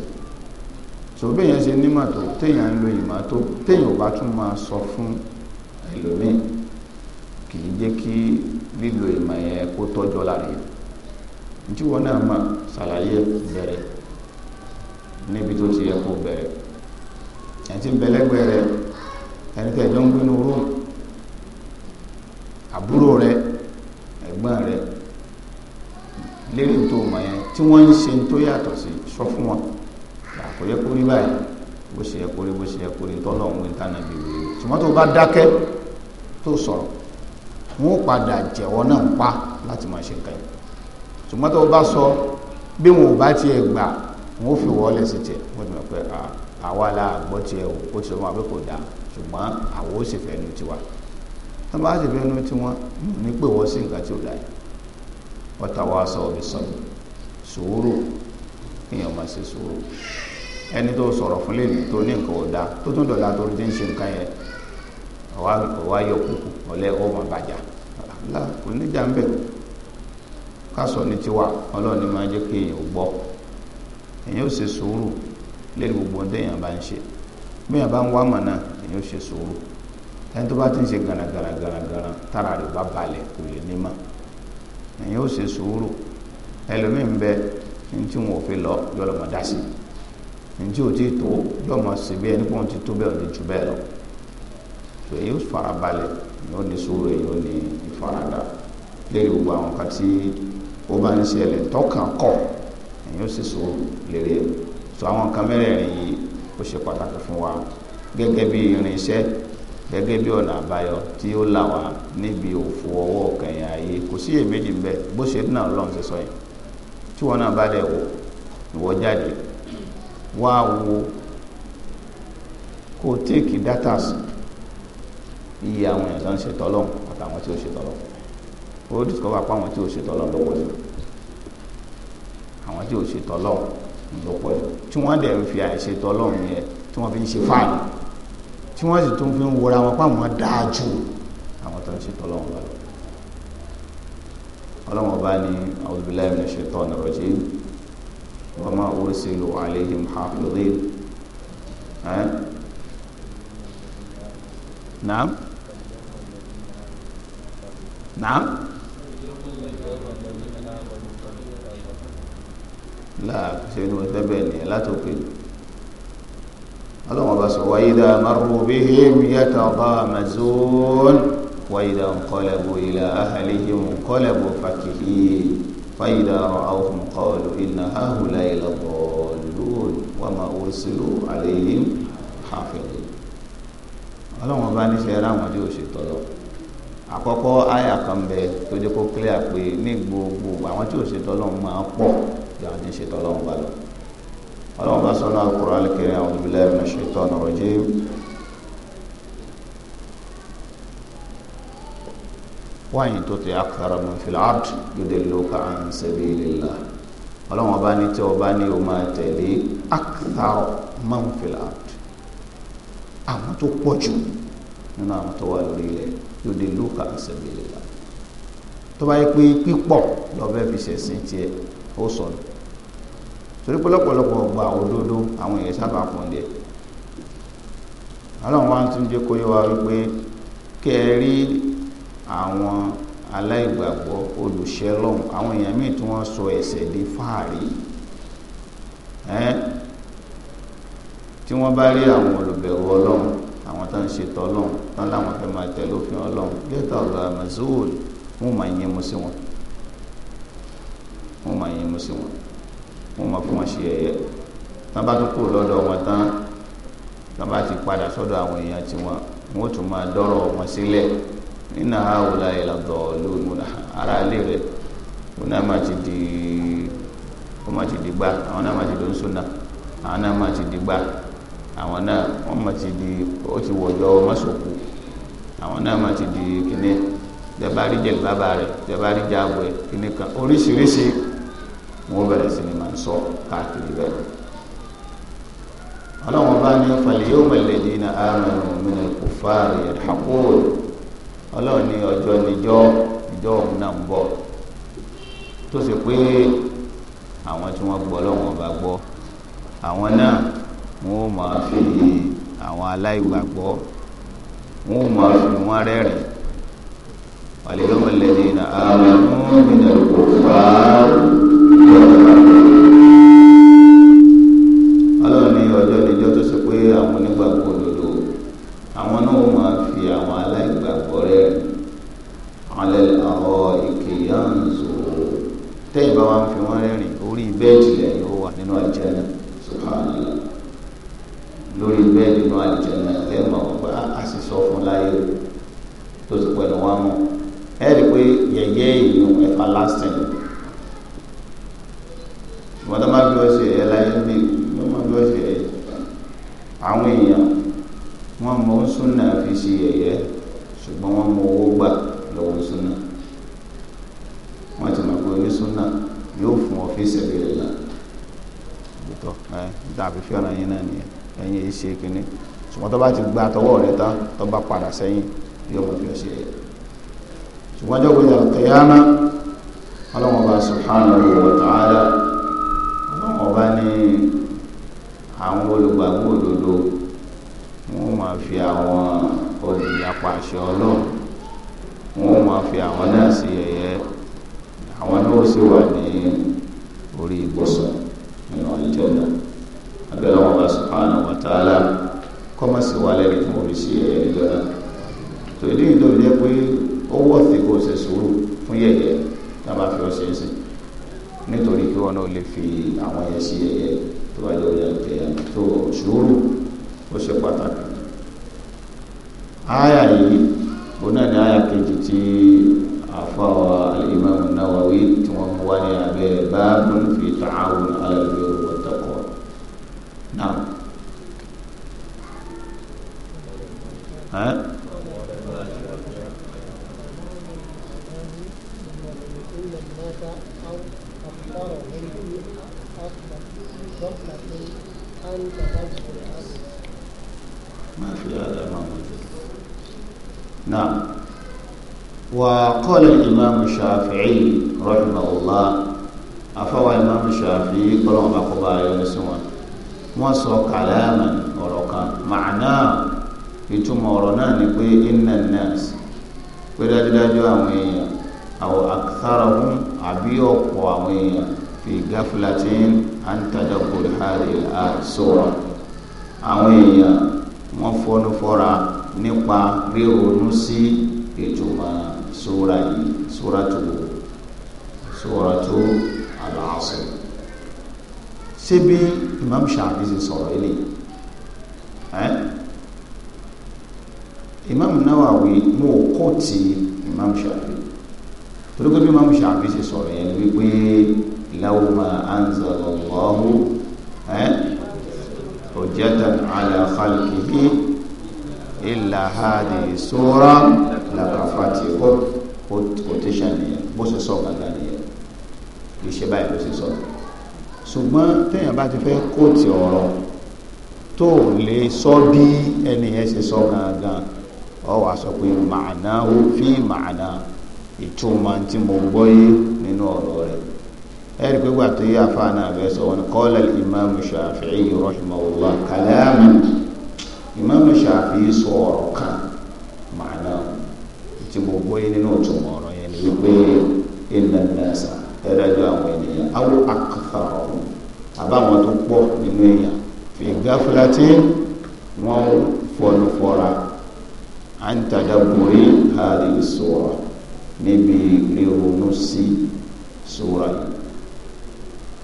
so bẹ́ẹ̀ yẹn ṣe nímọ̀ tó téèyàn ń lo ìmọ̀ tó téèyàn ò bá tún máa sọ fún ẹlòmíì kì í jẹ́ kí lílo ìmọ̀ yẹn kó tọ́jọ́ lára yẹn nítí wọn náà mọ̀ níbi tó ti yẹ kó bẹ̀rẹ̀ ẹni tí ń bẹ̀lẹ́gbẹ̀ rẹ ẹni tẹ̀ jọ ń gbénu rúùn àbúrò rẹ ẹ̀gbọ́n rẹ lérí tó mọ̀ yẹn tí wọ́n ń ṣe tó yàtọ̀ sí sọ fún wọn kò yẹ kó rí báyìí bó ṣe yẹ kó rí bó ṣe yẹ kó rí tọ́lọ̀ ń wí tánà bí wí ṣùgbọ́n tó bá dákẹ́ tó sọ̀rọ̀ wọn ó padà jẹ̀wọ́ náà pa láti máa ṣe nǹkan yìí ṣùgbọ́n tó bá sọ bí wọn ò bá tiẹ̀ gbà wọ́n fi wọ́ọ̀lẹ̀ sí tiẹ̀ wọ́n ti mọ̀ pé àwa la gbọ́ tiẹ̀ o ó ti sọ wọn àbí kò dáa ṣùgbọ́n àwọn ó sì fẹ́nu tiwa tó bá sì fẹ́nu tiwọn ní pé wọ́n sí nǹkan tí ó dáa ọ̀tá wa sọ ọ̀bì sọ́ọ̀bì sùúrù èèyàn máa ṣe sùúrù ẹni tó sọ̀rọ̀ fún lèmi tó ní nǹkan ò tó tún dọ̀la torí tí ń ṣe nǹkan yẹn ọ̀wá yọ kúkú ọ̀lẹ́ ọmọ bàjá kò níjà ń ká sọ ní tiwa ọlọ́ọ̀ni máa jẹ́ kí gbọ́ èyàn ó ṣe sùúrù lérí gbogbo ohun téèyàn bá ń ṣe béèyàn bá ń wá mọ̀nà èyàn ó ṣe sùúrù ẹni tó bá ti ń ṣe gànàgànà gànàgànà tára rẹ̀ bá balẹ̀ kò lè ní mọ̀ èyàn ó ṣe sùúrù ẹlòmíì ń bẹ ní tí wọn ò fi lọ yọlọ mọ dá sí ní tí ò tí tó yọọ mọ sí bí ẹni pọ́n ti tó bẹ́ẹ̀ ò jù bẹ́ẹ̀ lọ èyí ó fara balẹ̀ yóò ní sùúrù èyí ní ìfaradà lérí gbogbo àwọn kan ó bá ń ṣẹlẹ̀ tọ́kàn kọ̀ èyí ó sì so lérè so àwọn nǹkan mẹ́rẹ̀ẹ̀rin yìí ó ṣe pàtàkì fún wa gẹ́gẹ́ bí irinṣẹ́ gẹ́gẹ́ bí ọ̀nà àbáyọ tí ó là wá níbi òfò ọwọ́ kẹyìn ayé kò sí èméjì ń bẹ bó ṣe náà lọ́n ṣe sọ yẹn tí wọn náà bá dẹ̀ wò ìwọ jáde wá wo kó téèkì dátà sí iye àwọn èèyàn tó ń ṣe tọ́lọ́hún àtàwọn tí ó ṣe tọ́lọ́hún ó dìkọ́ wà àwọn tí ó ṣe tọ́lọ́hún lọ́wọ́ sí àwọn tí ò ṣe tọ́lọ̀ lọ́pọ̀ jù tí wọ́n dẹ̀ ń fi àìṣe tọ́lọ̀ yẹn tí wọ́n fi ń ṣe fáàlì tí wọ́n sì tún fi ń wọra wọn páwọn dáa jù àwọn tó ń ṣe tọ́lọ̀ wọn lọ. ọlọ́wọ́n bá ní a'udhu billahi minash shaitani rajim wa ma ursilu alayhim hafidhin naam naam. láàṣẹ ní wọ́n tẹ́bẹ̀ ní látòkè ọlọ́wọ́n bá sọ wáyídá marúbí yàtọ̀ bá mazón wáyídá kọlẹ̀bù ilá ahàlìhìm kọlẹ̀bù fàkìhì fáyídá ọ̀hún kọlù iná ahùlá ìlọ́gbọ̀lùn wà máa wó sílù àlẹ́yìn hàfẹ́lẹ́ ọlọ́wọ́n bá níṣẹ́ ráwọn tí ó ṣe tọ́lọ́ àkọ́kọ́ àyà kan bẹ tó jẹ́ kó kílẹ̀ pé ní gbogbo àwọn tí ò láwọn ní ṣètò ọlọ́run bá lọ ọlọ́run bá sọ́nà Al-Qur'an Al-Karim a'udhu billahi minash shaitanir rajim wáyìn tó ti akthara min fil ardi yudilluka an sabilillah ọlọ́run ọba ní tí ọba ní o máa tẹ̀lé akthara man fil ardi àwọn tó pọ̀ jù nínú àwọn tó wà lórí ilẹ̀ yudilluka an sabilillah tó bá yẹ pé pípọ̀ lọ́bẹ̀ fi ṣẹ̀sìn tiẹ̀ ó sọnù torí pé lọ́pọ̀lọpọ̀ gba òdodo àwọn èèyàn sábà kún díẹ̀ ọlọ́run wá ń tún jẹ́ kó yé wa wípé kẹrí àwọn aláìgbàgbọ́ olùṣẹ́ lọ́hùn àwọn èèyàn míì tí wọ́n sọ ẹ̀ṣẹ̀ di fáàrí ẹ́n tí wọ́n bá rí àwọn olùbẹ̀wò ọlọ́run àwọn tó ń ṣètò ọlọ́run tán láwọn fẹ́ máa tẹ̀lé òfin gẹ́tà ọ̀gá mazul wọn máa yẹn mu sí wọn wọn máa yẹn mú sí wọn wọn máa fún wọn ṣe ẹ̀yẹ tán bá tún kúrò lọ́dọ̀ wọn tán tán bá ti padà sọ́dọ̀ àwọn èèyàn tí wọn wọn ó tún máa dọ́rọ̀ wọn sílẹ̀ nínú àwọn ọ̀làyè lọ́dọ̀ lóògùn ara ilé rẹ̀ wọn náà máa ti di wọn máa ti di gbá àwọn náà máa ti lóun sùn náà àwọn náà máa ti di gbá àwọn náà wọn máa ti di ó ti wọjọ mọ́sọ̀kù àwọn náà máa ti di kíní tẹ bá bàbá rẹ̀ tẹ bá rí jáàbù kíní kan oríṣiríṣi wọ́n bẹ̀rẹ̀ sí ni máa ń sọ káàkiri bẹ́ẹ̀. ọlọ́run bá ní falyawma alladhina amanu mina al-kuffari yadhakun ọlọ́run ní ọjọ́ níjọ́ ìjọ òun náà ń bọ̀ tó sì pé àwọn tí wọ́n gbọ́ ọlọ́run ọba gbọ́ àwọn náà wọ́n máa fi àwọn aláìgbàgbọ́ wọ́n máa fi wọ́n rẹ́rìn falyawma alladhina amanu mina al-kuffari. Thank you. ṣùgbọ́n tó bá ti gba tọwọ́ rẹ tán tó bá padà sẹ́yìn yóò mọ̀ bí ó ṣe ṣùgbọ́n jọ́ gbọ́dọ̀ kẹyàmá ọlọ́wọ́n bá subhanahu wa ta'ala ọlọ́wọ́n bá ní àwọn olùgbàgbọ́ òdodo wọ́n máa appreciate ẹ̀ gan so ilé yìí tó jẹ́ pé ó wọ̀ sí kó ṣe sùúrù fún yẹ̀yẹ́ tá a bá fi ọṣẹ ṣe nítorí kí wọn náà lè fi àwọn ẹ̀yẹ sí yẹ̀yẹ́ tó bá jẹ́ òye tó sùúrù ó ṣe pàtàkì. وقال الإمام الشافعي رحمه الله أفوى الإمام الشافعي قالوا ما قبائل نسوان وصو كلاما ورقا معناه ìtumọ̀ ọ̀rọ̀ náà ni pé inna nas pé dájúdájú àwọn èèyàn àwọn aktharahum àbí ọ̀pọ̀ àwọn èèyàn fi ghaflatin an tadabbur hadhihi al-sura àwọn èèyàn wọ́n fọ́nú fọ́ra nípa ríronú sí ètò sóra yìí sóra tó sóra tó àlàásọ ṣé bí Imam Shafi ṣe sọ̀rọ̀ ilé ẹ́ Imam Nawawi mo kó ti Imam Shafi torí pé bí Imam Shafi ṣe sọ̀rọ̀ yẹn wípé law ma anzala Allahu ẹ́ hujjatan ala khalqihi illa hadhihi sura lakafatihu quotation nìyẹn bó ṣe sọ gbàgbà nìyẹn kì í ṣe báyìí ló ṣe sọ ṣùgbọ́n téèyàn bá ti fẹ́ kóòtì ọ̀rọ̀ tó lè sọ bí ẹni yẹn ṣe sọ gangan ọ wàá sọ pé màánà ó fi màánà ìtumọ̀ tí mo gbọ́ yé nínú ọ̀rọ̀ rẹ̀ ẹ̀rí pé gbàtọ́ yé àfáàná rẹ̀ sọ wọn qala al-imam Shafi'i rahimahullah kàlámù imam Shafi'i sọ ọ̀rọ̀ kan tí mo gbọ́ yé nínú ìtumọ̀ ọ̀rọ̀ yẹn ni wípé ìlànà ẹ̀sà ẹ̀dájọ́ àwọn ènìyàn awo àkàfà ọ̀hún àbáwọn tó pọ̀ nínú èèyàn fi gáfúlá tí wọ́n fọnù fọra à ń tàdá borí àdìsọ̀rọ̀ níbi ríronú sí sóra yìí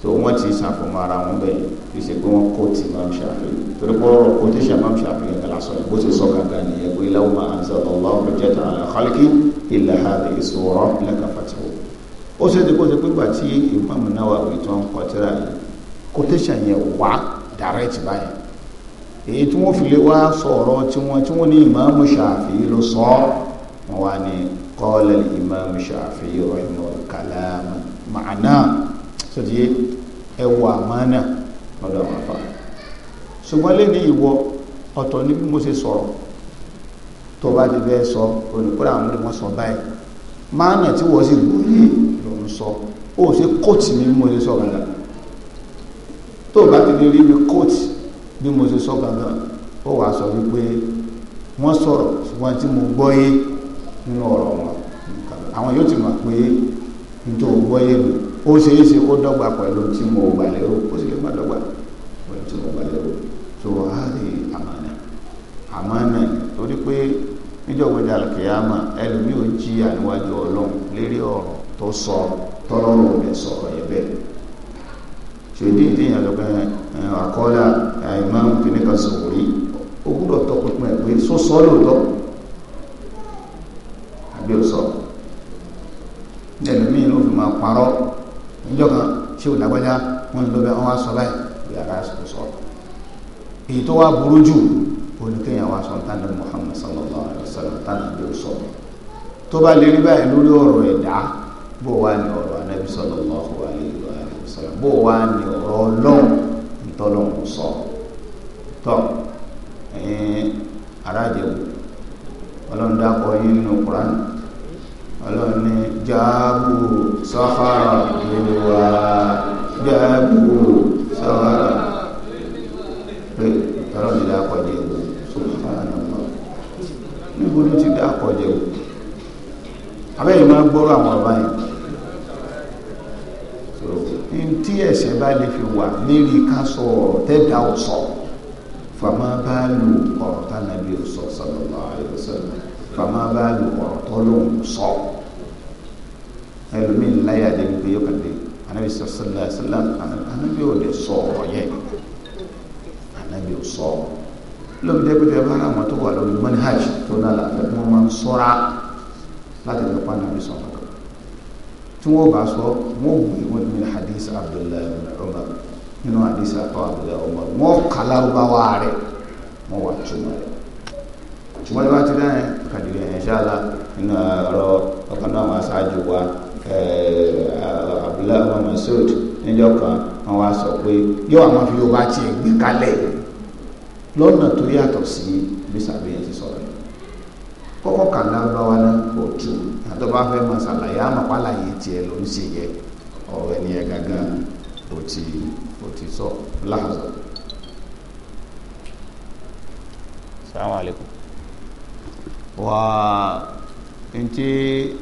so wọ́n ti ṣàfọ̀mọ́ ara wọn bẹ́ẹ̀ kì í ṣe pé wọ́n kó ti Imam Shafi'i torí pé ọ̀rọ̀ kó ti ṣe Imam Shafi'i yẹn kala sọ yẹn bó ṣe sọ gàgà nìyẹn pé law ma anzala Allahu hujjatan ala khalqi illa hadhihi sura lakafatuhu ó ṣe ti kó ṣe pé gbà tí Imam Nawawi tó ń kọ yìí kó ti ṣe yẹn wá direct báyìí èyí tí wọ́n fi lè wá sọ̀rọ̀ tí wọ́n tí wọ́n ní Imam sọtí ẹwà àmánà lọ́dọ̀ àwọn afa ṣùgbọ́n lè ní ìwọ ọ̀tọ̀ ní bí mo ṣe sọ̀rọ̀ tó bá ti bẹ́ẹ̀ sọ olùkọ́ra àwọn olùmọ̀ sọ báyìí mánà tí wọ́n sì gbòye lòún sọ ó ṣe kóòtù ní bí mo ṣe sọ gbàgbà tó bá ti lè rí mi kóòtù bí mo ṣe sọ gbàgbà ó wàá sọ wípé wọ́n sọ̀rọ̀ ṣùgbọ́n tí mo gbọ́ yé nínú ọ̀rọ̀ wọn àwọn yóò ti mọ̀ pé nítorí gbọ́ yé ó ṣeé ṣe kó dọ́gba pẹ̀lú tí mo gbà lérò kò sì lè má dọ́gba pẹ̀lú tí mo gbà lérò tó a lè àmàna àmàna torí pé níjọba ìjà kìyàmà ẹlòmíì ò jí àníwájú ọlọ́run lérí ọ̀rọ̀ tó sọ tọ́lọ́rọ̀ rẹ̀ sọ̀rọ̀ yẹn bẹ́ẹ̀ ṣèdí ìdíyàn lọ́pẹ́ àkọ́lá ìmáàmù kìnnìkan sọ̀rọ̀ yìí ó gbúdọ̀ tọpinpin ẹ̀ pé sọ́sọ́ lóòótọ́ àbí òsọ ẹlòmíì ló fi máa parọ́ níjọ́ kan ṣé ò lágbájá wọ́n lọ bẹ wọ́n wá sọ báyìí bí ara sọ sọ èyí tó wá burú jù oníkéèyàn wá sọ tánà Muhammad sallallahu alaihi wasallam tánà bí ó sọ tó bá lè rí báyìí lórí ọ̀rọ̀ ẹ̀dá bó wá ní ọ̀rọ̀ anábì sallallahu alaihi wasallam bó wá ní ọ̀rọ̀ ọlọ́run ìtọ́lọ́run sọ tọ́ ẹ̀yin aráàjẹ̀wò ọlọ́run dákọ̀ yín nínú Kùránì ọlọ́run ní jáàbù sọ́fàrà lóluwà jáàbù sọ́fàrà pé ọlọ́run ti dákọ̀ jẹ́ sọ́fàrà níbo ló ti dákọ̀ jẹ́ abẹ́yìn máa gbọ́rọ̀ àwọn ọba yìí tí ẹ̀ṣẹ̀ bá lè fi wà lérí ká sọ ọ̀rọ̀ tẹ́dà ò sọ fàmà bá lu ọ̀rọ̀ tánàbí ò sọ sallallahu alaihi wasallam bá lu ọ̀rọ̀ tọ́lọ́hùn sọ ẹlòmíì ńláyà dé wípé yóò kàn dé anabi sọsọlá sọlá anabi ò lè sọ ọ̀rọ̀ yẹ anabi ò sọ lóbi dẹ́gbẹ́ tẹ bá àwọn tó wà lórí manhaj tó náà làbẹ́ tí wọ́n máa ń sọ́ra láti lè pa anabi sọ̀rọ̀ tí wọ́n bá sọ wọ́n gbé wọn ní hadith abdullahi umar nínú hadith àtọ́ abdullahi umar wọ́n kàlá ọba wa rẹ̀ wọ́n wà túmọ̀ rẹ̀ ṣùgbọ́n ìbá ti dáhẹ́ kàdìrì ẹ̀ṣẹ́ àlá nínú ọ̀rọ̀ ọ̀kan náà máa ṣáájú wa Eh, abdullahi ọmọ masoud níjọ́ kan wọ́n wá sọ pé yóò àwọn fi yorùbá tiẹ̀ gbé kalẹ̀ lọ́nà tó yàtọ̀ sí bí sàbẹ̀yẹ ti sọ̀rọ̀ yìí kọ́kọ́ kà lárúbáwá náà kò tù àtọ́ bá fẹ́ máa ṣàlàyé àmọ́ pàlàyé tiẹ̀ ló ń ṣe yẹ ọ̀rọ̀ ẹni yẹn gangan kò ti kò ti sọ láàzọ. salamu alaykum. wà ntí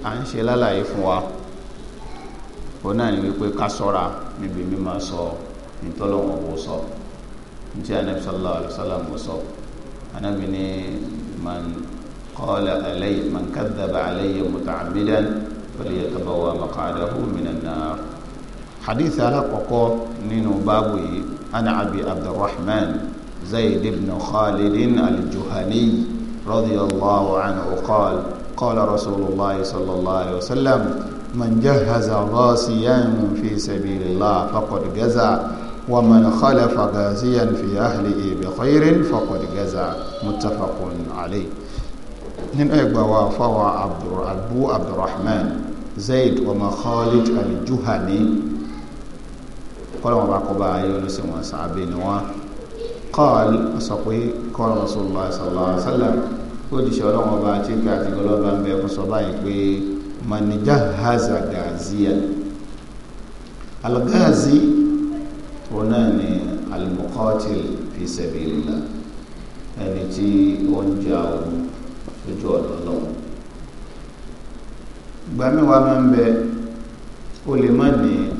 à ń ṣe lálàyé fún wa òun náà ni wípé ká sọ́ra níbi mímọ́ sọ ìtọ́lọ́wọ̀n wò sọ ntí anabi sallallahu alayhi wa sallam wò sọ anabi ni man qala alayya man kadhaba alayya muta'ammidan falyatabawa maq'adahu minan nar. hadith alakọ̀kọ́ nínú báàbù yìí ana abdulrahman zayd ibn khalid al-juhani anhu qala qala rasulillah sallallahu alayhi wa sallam. من جهز غاسيا في سبيل الله فقد جزى ومن خلف غازيا في أهله بخير فقد جزى متفق عليه من أقوى فوى عبد أبو عبد الرحمن زيد ومخالد خالد الجهني قال ما بقى يونس وصحابين قال أسقي قال رسول الله صلى الله عليه وسلم ودي شلون وباتي كاتي قلوبا بيقصوا بايك man gazia gaziyan algazi ona ni almuqatil fi sabilillah ani ti on jaw jodo wa membe ulimani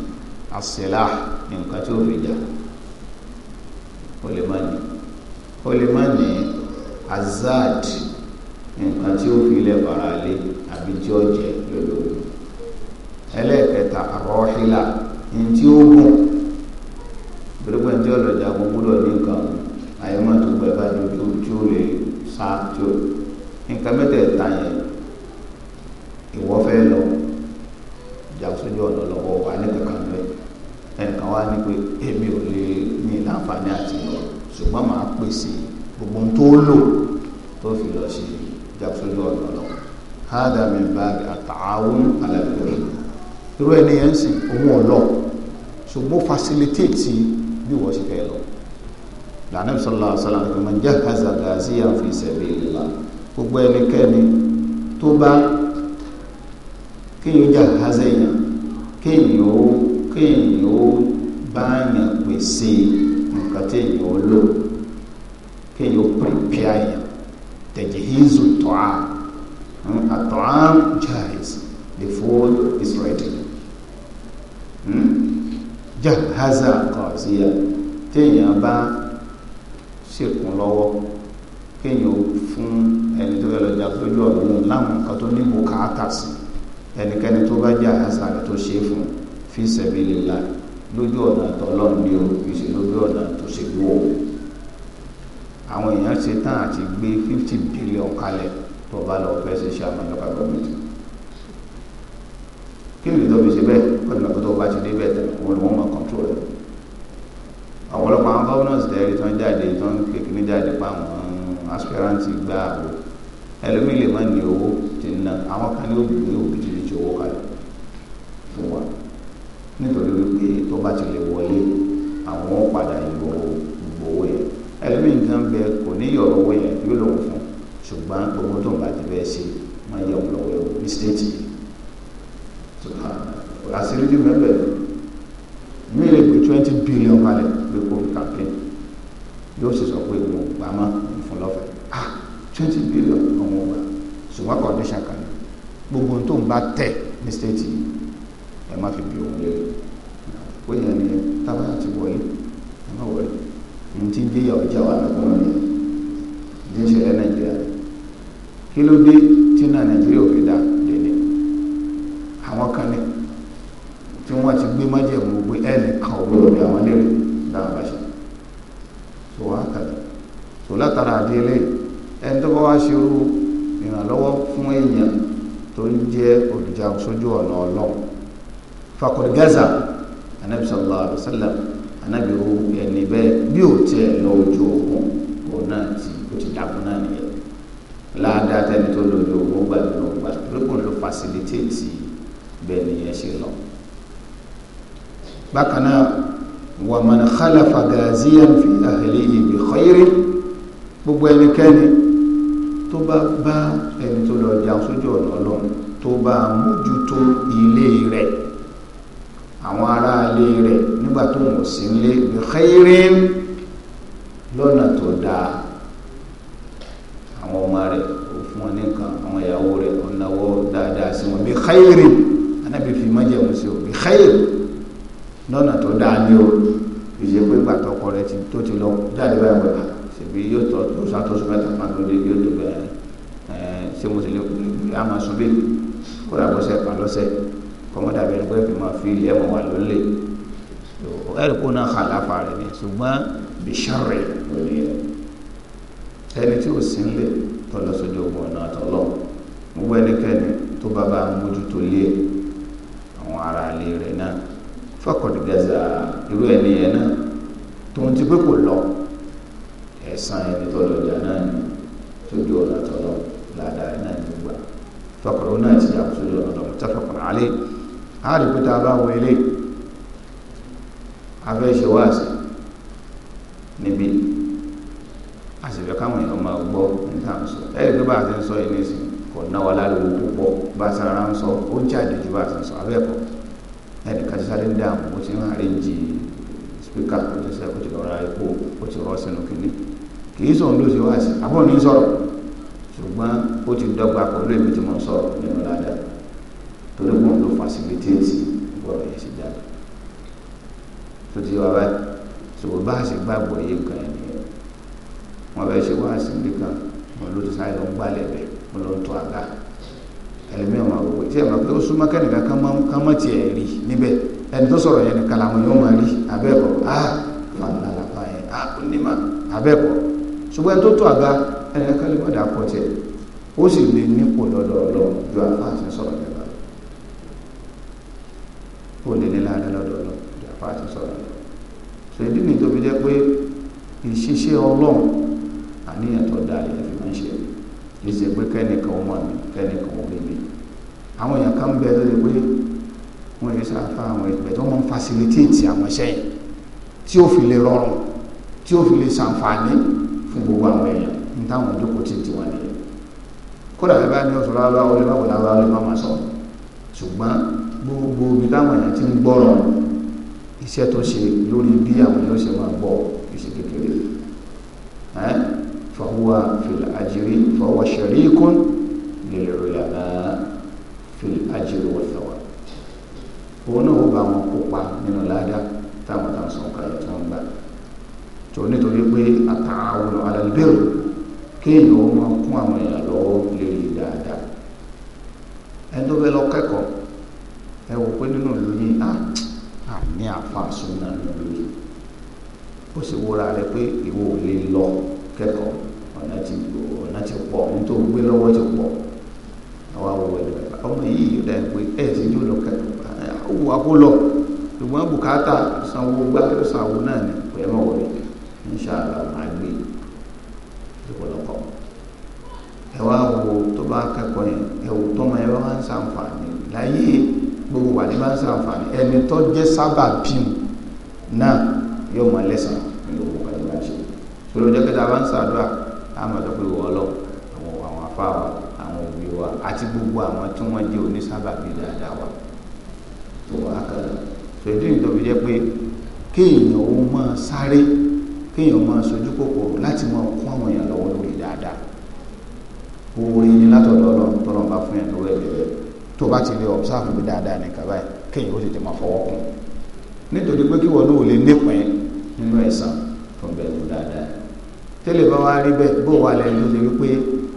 asilah in katurija ulimani ulimani azad in katiu file barali abijoje ẹlẹ́ẹ̀kẹta àrọ́ọ̀hílà ní tí ó gùn gbẹ̀rẹ̀gbẹ̀ tí ọlọ́jà gbogbo ní nǹkan àyẹ̀mọ́ tó gbẹ bá ju tó tí ó lè sá tó nǹkan mẹ́tẹ̀ẹ̀ta yẹn ìwọ fẹ́ lọ ìjà sójú ọ̀nà lọ́wọ́ wà ní kankan lọ ẹnìkan wá ní pé èmi ò lè ní láǹfààní àti lọ ṣùgbọ́n màá pèsè gbogbo tó lò tó fi lọ ṣe ìjà sójú ọ̀nà lọ hádà mi bá àtàwọn alàgbèrè irú ẹni yẹn ń sìn òun ọ̀lọ́ ṣùgbọ́n fasilitéètì bí wọ́n ṣe fẹ́ lọ lànà sallallahu alaihi wasallam man jahaza ghaziyan fi sabilillah gbogbo ẹnikẹ́ni tó bá kéèyàn jahaza èèyàn kéèyàn ó kéèyàn ó báyàn pèsè nǹkan téèyàn ó lò kéèyàn ó pèpè àyàn tajhizu ta'am Hmm? At'am jaiz. The food is ready. Hmm? Jahaza qaziya. Téèyàn bá ṣèkùn lọ́wọ́ kéèyàn fún ẹni tó fẹ́ lọ jà lójú ọ̀rọ̀ lọ láwọn nǹkan tó ní bùkátà sí ẹnikẹ́ni tó bá jẹ́ àhásà rẹ̀ tó ṣe fún fi sabilillah lójú ọ̀nà tọ́lọ́run ní o kì í ṣe lójú ọ̀nà tó ṣe wú Àwọn èèyàn ṣe tán àti gbé fifty billion kalẹ̀ tó bá lọ fẹ́ ṣe ṣe àwọn ìjọba gọ́ọ̀mẹ̀ntì kí lè tó fi ṣe bẹ́ẹ̀ kọ́ni lọ́kọ́ tó bá ti dé bẹ́ẹ̀ tán òun lòun máa kọ́ńtró rẹ̀ àwọn ọlọ́pàá àwọn gọ́ọ̀nọ̀sì tẹ́lẹ̀ tó ń jáde tó ń kékeré jáde pa àwọn aspirant gba àwò ẹlòmíì lè má ní owó ti ná àwọn kan ní òbí ó State. stéètì àṣírí ti remember, mí lè the twenty billion we put kó n campaign yóò sì sọ pé mo gbà mọ́ ìfúnlọ́fẹ̀ẹ́ ah twenty billion ọmọ wa ṣùgbọ́n condition kan gbogbo tó ń bá tẹ̀ ní stéètì sójú ọ̀nà ọlọ́run fakọ̀dẹ́gàzà anabi sallallahu alayhi wa sallam anabi wo ẹni bẹ́ẹ̀ bí o tiẹ̀ lọ ojú ogun òun náà ti o ti dàgún náà nìyẹn láàdá tẹni tó lọ ojú ogun gbà ló gbà lókun ló fasilitéètì bẹ́ẹ̀ nìyẹn ṣe lọ. bákan náà wà mọ̀nà khalafa gaziyan fi ahlihi bi khayri gbogbo ẹnikẹ́ni tó bá bá ẹni tó lọ jà sójú ọ̀nà ọlọ́run tó bá mójú mójútó ilé rẹ̀ àwọn ará ilé rẹ̀ nígbà tó wọ́n sí ilé bi khairin lọ́nà tó dáa àwọn ọmọ rẹ̀ ó fún wọn ní nǹkan àwọn ìyàwó rẹ̀ ọ̀nàwó dáadáa sí wọn bi khairin anábì fi májẹ̀mú sí o bi khairin lọ́nà tó dáa ní o ìyẹ́ pé gbàtọ́kọ rẹ̀ tó ti lọ jáde báyìí pẹ̀lú ṣèbí yóò tọ́ tó sàtọ́sọ mẹ́ta kan lóde yóò tó bẹ̀rẹ̀ ṣé mo ti lè a máa sùn bẹ́ẹ̀ kódà lọ́sẹ̀ kan lọ́sẹ̀ kọ́mọ́dà bẹ́ẹ̀ ni pé fi máa fi ilé ẹ̀wọ̀n wà lólè ẹ̀rì kó náà kàláfà rẹ̀ ni ṣùgbọ́n bìṣàrẹ̀ lórí ẹ̀ ẹni tí ò sí nílé tọ́lọ́ sójú ogun ọ̀nà àtọ́lọ́ gbogbo ẹnikẹ́ni tó bá bá mójútó lé àwọn ará ilé rẹ̀ náà fọkọ̀dé gẹ́sà irú ẹni yẹn náà tó ń ti pé kò lọ ẹ̀sán ẹni tọ́lọ́jà náà ni sójú ọ̀nà àtọ́lọ́ ládàá náà ni gbogbo tọkọ̀rọ̀ náà ti yàtọ̀ sórí ọ̀dọ̀ mọ̀tẹ́fọ̀kùn alẹ́ a rí pé ta bá wọ ilé afẹ́ ṣe wáàsí níbi a sì fẹ́ káwọn èèyàn máa gbọ́ níta ń sọ ẹ̀ pé bá a ti ń sọ ilé sí kò náwó aláriwo púpọ̀ bá a sára ń sọ ó jáde ju bá a ti ń sọ abẹ́ ẹ̀kọ́ ẹnìkan ti sáré ti ń àríjì spika ó ti sẹ́ ó ti rọra epo ó ti rọ sínú kì í sọ̀rọ̀ ló ṣe wáàsí àbọ̀ ní sọ̀rọ̀ ṣùgbọ́n ó ti dọ́gba pẹ̀lú èmi tí mo sọ̀rọ̀ nínú ládàá torí wọn ló fàṣìlítéètì gbọ́dọ̀ yẹn ṣe jáde tó ti wá báyìí ṣùgbọ́n bá a ṣe gbàgbọ́ yé nǹkan yẹn nìyẹn wọn fẹ́ ṣe wáhà sí nìkan wọn ló ti sáré lọ ń gbálẹ̀ rẹ̀ wọn ló ń tọ́ àga ẹlẹ́mí ọmọ àgbègbè tí ẹ máa pé ó súnmọ́ kẹ́nìkan ká mọ́ tiẹ̀ rí níbẹ̀ ẹni tó sọ̀rọ̀ yẹn nìkan làwọn yóò máa rí ah fàlàlà fàyẹn ah abẹ́ẹ̀kọ́ ṣùgbọ́n tó tó àga ẹ̀yẹ kẹ́lẹ́ mọ̀ dà pọ̀ tiẹ̀ ó sì lè nípò lọ́dọọdọ ju afáàṣẹ sọ̀rọ̀ nípa ó lè ní láàrin lọ́dọọdọ ju afáàṣẹ sọ̀rọ̀ nípa ṣe ìdí nìyí tó fi jẹ́ pé ìṣiṣẹ́ ọlọ́run àníyàn tó dáa yẹn fi máa ń ṣe ìṣe pé kẹ́nìkan ọmọ mi kẹ́nìkan ọmọ mi àwọn èèyàn kan bẹ tó ṣe pé wọn yìí sáfà àwọn ìgbẹ́ tó máa ń facilitate àwọn iṣẹ́ tí ó fi lè rọrùn tí ó fi lè ṣàǹfààní fún gbogbo àwọn èèyàn ní táwọn ìjókòó ti ti wà nìyẹn kódà bẹ́ẹ̀ bá ní oṣù lábá olè má bọ̀dá lábá olè má máa sọ ṣùgbọ́n gbogbo ibi táwọn èèyàn ti ń gbọ́rọ̀ iṣẹ́ tó ṣe lórí bí àwọn èèyàn ṣe máa gbọ́ iṣẹ́ kékeré fọwọ́ fìlà àjírí fọwọ́ ṣẹ̀rí kún lè rò yàrá fìlà àjírí wọ̀ tẹ̀wà òun náà ó bá wọn kópa nínú ládàá táwọn táwọn sọ̀kà yẹn tó ń gbà tó nítorí pé àtàwọn alàlùbẹ̀rù kéèyàn ó máa kún àwọn èèyàn lọ́wọ́ lérí dáadáa ẹni tó fẹ́ lọ kẹ́kọ̀ọ́ ẹ wò pé nínú ìlú yìí á ah, àní àfàsùn náà nínú ìlú yìí ó sì wúra rẹ pé ìwọ ò lè lọ kẹ́kọ̀ọ́ ọ̀nà ti ọ̀nà ti pọ̀ nítorí gbé lọ́wọ́ ti pọ̀ àwa wọ ẹ̀dọ̀ ọmọ yìí yóò dà pé ẹ̀ sì yóò lọ kẹ́kọ̀ọ́ ó wù wá kó lọ ṣùgbọ́n bùkátà sanwó gbá sanwó náà ni pẹ̀lú ọ̀rẹ́ inṣàlá máa gbé lọ́pọ̀lọpọ̀ ẹ wá wo tó bá kẹ́kọ̀ọ́ yẹn ẹ wò tọ́mọ ẹ bá wá ń sàǹfààní láyé gbogbo wà ní bá ń sàǹfààní ẹni tó jẹ́ sábà bíun náà yóò mọ lẹ́sàn nínú owó kan nígbà tí sọlọ jẹ́ kí dábàá ń sàdúrà àmọ́ tó pé wọ́ọ́ lọ àwọn àwọn afá wa àwọn òbí wa àti gbogbo àwọn tí wọ́n jẹ́ onísábàbí dáadáa wa tó wà á kàn sọ èdè ìtọ́bi jẹ́ pé kéèyàn ó máa sáré kéèyàn máa sojú kòkòrò láti máa kún àwọn èèyàn lọ́wọ́ lórí dáadáa oore ni látọ̀dọ̀ ọlọ́run tọ́lọ́run bá fún yẹn lórí ẹ̀ bẹ̀rẹ̀ tó bá ti lè ọ̀bùsáàfù bí dáadáa ní kaba yìí kéèyàn ó tètè máa fọwọ́ kún nítorí pé kíwọ náà ò lè nípìn nínú ẹ̀sán tó ń bẹ̀rù dáadáa tẹ́lẹ̀ bá wá rí bẹ́ẹ̀ bó wà lẹ́yìn tó ṣe wípé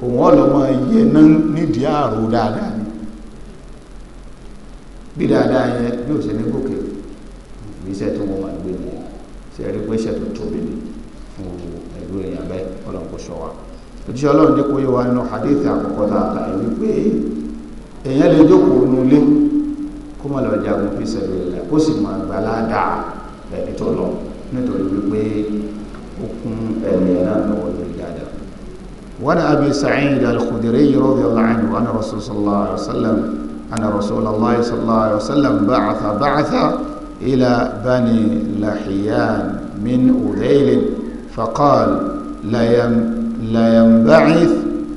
òun ọ̀lọ́ máa yẹ náà nídìí àrò dáadáa ni bí dáadáa yẹn bí ò ṣe ní gòkè ìgbésẹ̀ tó wọ́n máa gbé ni ṣe rí pé iṣẹ́ tó tóbi ni fún ẹ̀rú èèyàn bẹ́ẹ̀ ọlọ́run kò ṣọwà òjíṣẹ́ ọlọ́run ní kó yé wa nínú hadith àkọ́kọ́ dáadáa yìí wípé èèyàn lè jókòó nu ilé kó má lọ jagun fi ṣẹlẹ̀ rẹ̀ kó sì máa gbà ládàá tó lọ nítorí wípé ó kún ẹ̀mí náà lọ́wọ́ lórí dáadáa. وعن أبي سعيد الخدري رضي الله عنه أن رسول الله صلى الله عليه وسلم أن رسول الله صلى الله عليه وسلم بعث بعث إلى بني لحيان من أذيل فقال لا ينبعث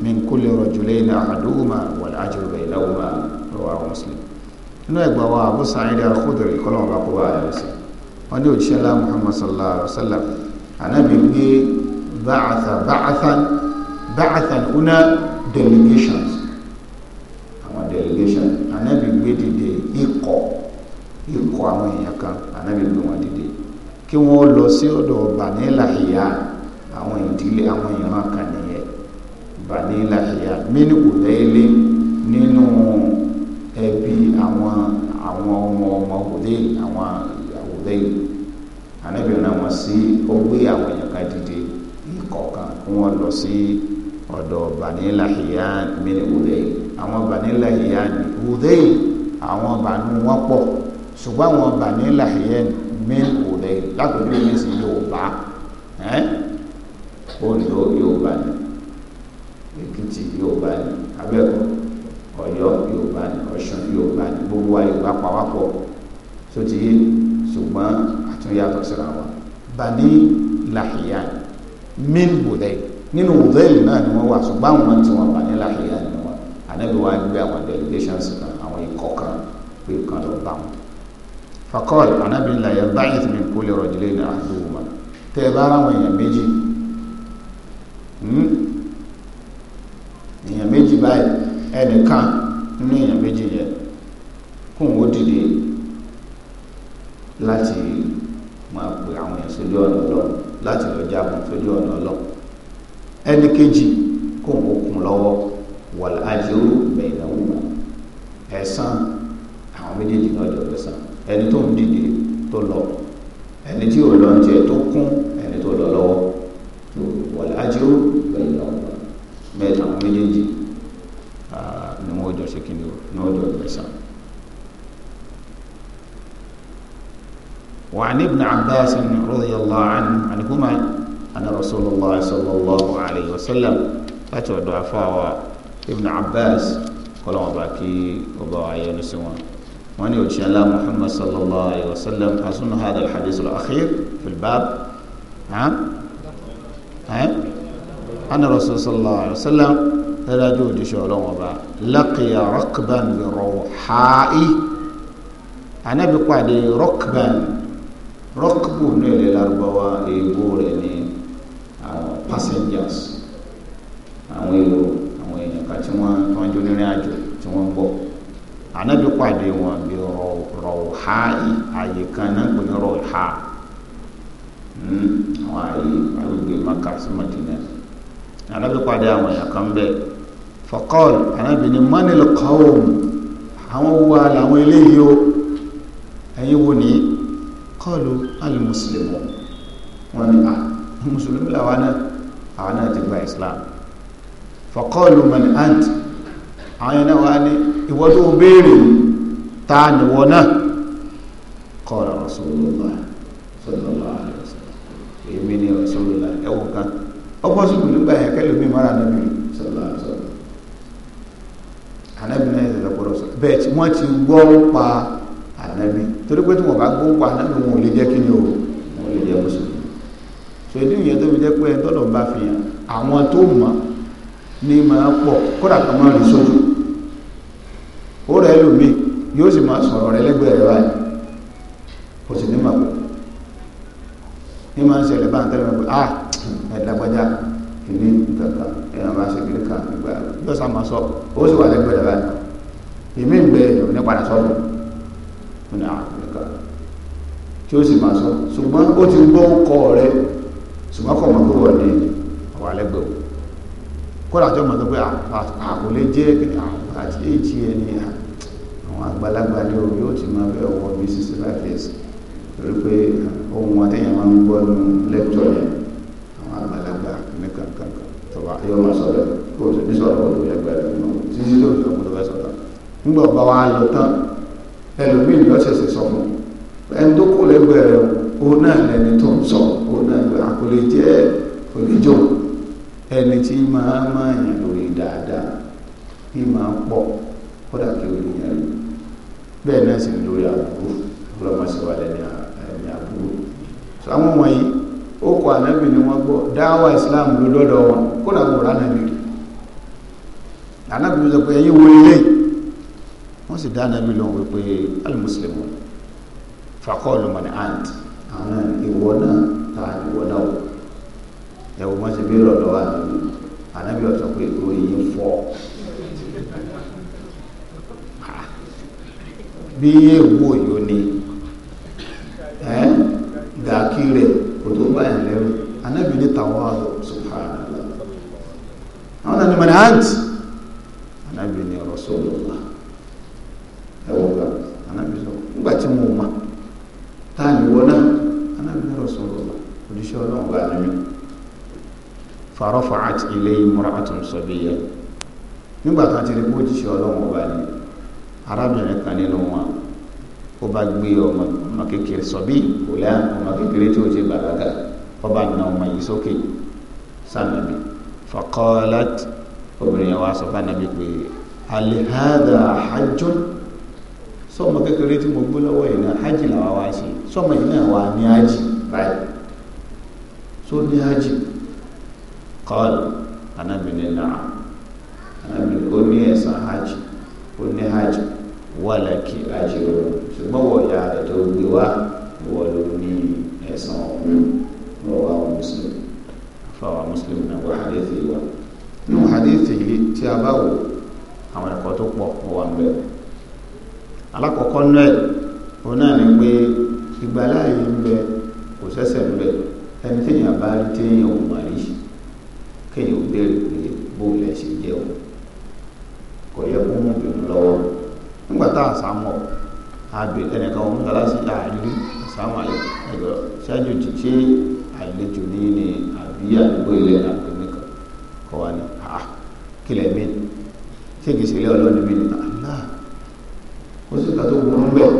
من كل رجلين أحدهما والأجر بينهما رواه مسلم inú ẹgbà wa Abu Sa'id al-Khudri kọlọ́wọ́ bá kó bá a lọ sí wọ́n ní òjíṣẹ́ lá Muhammad sallallahu alaihi wa sallam anábì gbé ba'atha ba'athan ba'athan una delegations àwọn delegation anábì gbé dìde ikọ̀ ikọ̀ àwọn èèyàn anábì gbé wọn dìde kí wọ́n lọ sí ọ̀dọ̀ Bani Lahiya àwọn ìdílé àwọn ìran kan nìyẹn Bani Lahiya mínú Hudayl nínú ẹbí àwọn àwọn ọmọ ọmọ Hudayl àwọn Hudayl anábì rán wọn sí ó gbé àwọn èèyàn kan dìde ìkọ̀ọ̀kan kí wọ́n lọ sí ọ̀dọ̀ Bani Lahiya mínú Hudayl àwọn Bani Lahiya Hudayl àwọn bànú wọn pọ̀ ṣùgbọ́n àwọn vanilla yẹn mail ò rẹ̀ lákòókò mi sì yorùbá ondo yorùbá ni èkìtì yorùbá ni abẹ́kọ̀ ọ̀yọ́ yorùbá ni ọ̀ṣun yorùbá ni gbogbo wa yorùbá pàwápọ̀ tó ti yé ṣùgbọ́n àtúnyàtọ̀ síra wa bani lahiya min budai nínú budai náà ni wọ́n wà ṣùgbọ́n àwọn tí wọ́n bani lahiya ni wọ́n ànábi wa gbé àwọn delegations kan àwọn ikọ̀ kan pé kan lọ bá wọn fakọ́ọ̀lù anábìlá yẹn báyìí ti mi kó lè rọ̀jìlẹ̀ ní àdúgbò tẹ́ ẹ bá ráwọn èèyàn méjì hmm? èèyàn méjì báyìí ẹnìkan nínú èèyàn méjì yẹn kóun ó dìde láti máa pe àwọn èèyàn sójú ọ̀nà lọ láti lọ jagun sójú ọ̀nà lọ ẹnì kejì kóun ó kún lọ́wọ́ wàlá àjẹwò bẹ̀yìn ẹni tó ń dìde tó lọ ẹni tí ò lọ ń jẹ tó kún ẹni tó lọ lọ́wọ́ tó wọlé ajérò bẹ́ẹ̀ lọ mẹ́ta méjèèjì ni wọ́n jọ ṣe kíni o ní wọ́n jọ gbẹ̀sán. وعن ابن عباس رضي الله عنه عنهما أن رسول الله صلى الله عليه وسلم فتوى دعفاء ابن عباس قالوا باكي وضاعي نسوان wọ́n ní òṣìṣẹ́ ńlá muhammad sallallahu alayhi wa sallam hasuna hadha alhadith al-akhir fi al-bab anna rasul sallallahu alayhi wa sallam dájú òjíṣẹ́ ọlọ́wọ́n ọba laqiya raqban bi rawha'i anabi pàdé raqban raqbu ní ilẹ̀ larubawa èèbó rẹ̀ ní àwọn passengers àwọn èrò àwọn èèyàn kan tí wọ́n tó ń jó nírìn àjò tí wọ́n ń bọ̀ anabi pàdé wọn bí rọ̀ọ̀há àyè kan náà pè ní rọ̀ọ̀há hmm, àwọn àyè àgbègbè maka sí madina anabi pàdé àwọn èèyàn kan bẹ́ẹ̀ fọkọ́l anabi ni manil kọ́ọ̀m àwọn wo làwọn eléyìí o ẹ̀yin wo ni kọ́ọ̀lù alimusulemu wọn ni a ah, musulumi làwọn náà àwọn náà ti gba islam fọkọ́ọ̀lù mani ant àwọn yẹn náà wà ní ìwọ tó o béèrè ta nìwọ náà kọ́ra rasulullah sallallahu alaihi wasallam èmi rasulullah ẹ̀wọ̀n kan ọkọ̀ sùkùn nígbà yẹn kẹ́lẹ́ mi mara nàbí sallallahu alaihi wasallam ànábì náà yẹn lọ́pọ̀ rọ̀sọ̀ bẹ́ẹ̀ tí wọ́n ti gbọ́ pa ànábì torí pé ni o wọn ò lè jẹ́ mùsùlùmí so ìdí ìyẹn tó fi jẹ́ pé ẹni tọ́lọ̀ bá fi hàn àwọn tó mọ̀ ní máa pọ̀ ó rẹ̀ lómi yóò sì máa sọ̀rọ̀ rẹ̀ lẹ́gbẹ̀ẹ́ rẹ̀ báyìí kò sì ní màkò ní máa ń ṣẹlẹ̀ bá ń tẹ́lẹ̀ pé ah ẹ̀dàgbájá ìní ìtàkà ẹ̀yàn máa ṣe kiri kan ìgbà yóò sá máa sọ ó sì wà lẹ́gbẹ̀ẹ́ rẹ̀ báyìí ìmí ń bẹ ẹ̀yàn ní padà sọ́dọ̀ ó ní àkùrẹ́kà ah, tí ó sì máa sọ ṣùgbọ́n ó ti gbọ́ kọ́ rẹ̀ ṣùgbọ́n kọ̀ mọ́ pé wọ́n ní àwọn alẹ́gbẹ̀ẹ́ kó làjọ́ mọ̀ tó pé àkùlé ah, ah, jẹ́ àti èjì ẹni àti àwọn àgbàlagbà ní orí ó ti máa fẹ́ ọwọ́ bíi sixty five years torí pé ohun àtẹ̀yìn máa ń gbọ́ nu lẹ́kítọ̀ yẹn àwọn àgbàlagbà ní kankan tọba yóò máa sọ̀rọ̀ kó o sì ní sọ̀rọ̀ kó o lè gbà rẹ̀ mọ́ títí tó fi ọkùnrin fẹ́ sọ̀tà nígbà ọba wa lọ tán ẹlòmíì ló ṣẹ̀ṣẹ̀ sọ fún ẹni tó kó lẹ́gbẹ̀ẹ́ rẹ̀ o náà lẹni tó ń sọ o náà gbé àkọlé jẹ́ oníjó ẹni tí máa máa yàn lórí dáadáa ní máa pọ̀ kódà kí o lè yàn lórí bẹ́ẹ̀ náà sì lórí àbúrú ọlọ́mọsíwálẹ̀ ní àbúrú so àwọn wọ̀nyí ó kọ ànábì ni wọ́n gbọ́ dáwà islam ló lọ́dọ̀ wọn kó dà kó ránàbì rí ànábì ló sọ pé ẹ̀yin wo ilé wọ́n sì dá ànábì lóhùn wípé alimusilimu fakọ́ọ̀lù mọ̀ni ant àwọn ìwọ náà ta ìwọ náà wò ẹ̀wọ̀n wọn ti bí lọ́dọ̀ wa ànábì ọ̀sọ̀ pé òye fọ́ bí èwo yìí ó ní ẹ́ dàkí rẹ̀ kò tó bá yàn lẹ́rù anábì ní tàwọn àlọ́ subhanallah àwọn náà ni mọ̀nà àǹtí anábì ní rasulullah ẹ̀wọ̀n gbà anábì sọ nígbà tí mo mọ̀ táàmì wọ́n náà anábì ní rasulullah òjíṣẹ́ ọlọ́run gbà ní mi farafa'at ilayhi imra'atun sabiyya nígbà kan ti rí bó jíṣẹ́ ọlọ́run gbà mi arábìnrin kan nínú wọn ó bá gbé ọmọ ọmọ kékeré sọ̀bí òlẹ́ ọmọ kékeré tí ó ti bàlágà ó bá na ọmọ yìí sókè sànàbí faqalat obìnrin yẹn wá sọ bá nàbí pé alihada hajjun sọmọ kékeré tí mo gbé lọ́wọ́ yìí náà hajj làwa wá ṣe sọmọ yìí náà wà ní hajj báyìí tó ní hajj qala anábìnrin náà anábìnrin ó ní ẹ̀sán hajj ó ní hajj wàlàkì àjùrò ṣùgbọ́n wọ ìyá rẹ̀ tó gbé wá wọ ló ní ẹ̀sán ọ̀hún lọ́wọ́ àwọn mùsùlùmí fáwọn mùsùlùmí náà wọ hadithi wa nínú hadithi yìí tí a bá wò àwọn ẹ̀kọ́ tó pọ̀ wà ń bẹ̀rẹ̀ alákọ̀ọ́kọ́ náà ẹ̀ náà ni pé ìgbàláyé ń bẹ kò sẹ́sẹ̀ ń bẹ ẹni téèyàn bá rí téèyàn ò mà rí kéèyàn ò béèrè pé bóun tá a sàmọ̀ àgbè ẹnìkan wọn gbà láti àárín sàmọ̀ ẹgbẹ̀ ṣáájú títí àlejò ní ní àbí àdúgbò ilẹ̀ àgbèmí kan kọ́ wa ní àá kílẹ̀ mí ṣé kìí ṣe ilé ọlọ́ọ̀ni mi ní àlá ó sì ká tó burú bẹ́ẹ̀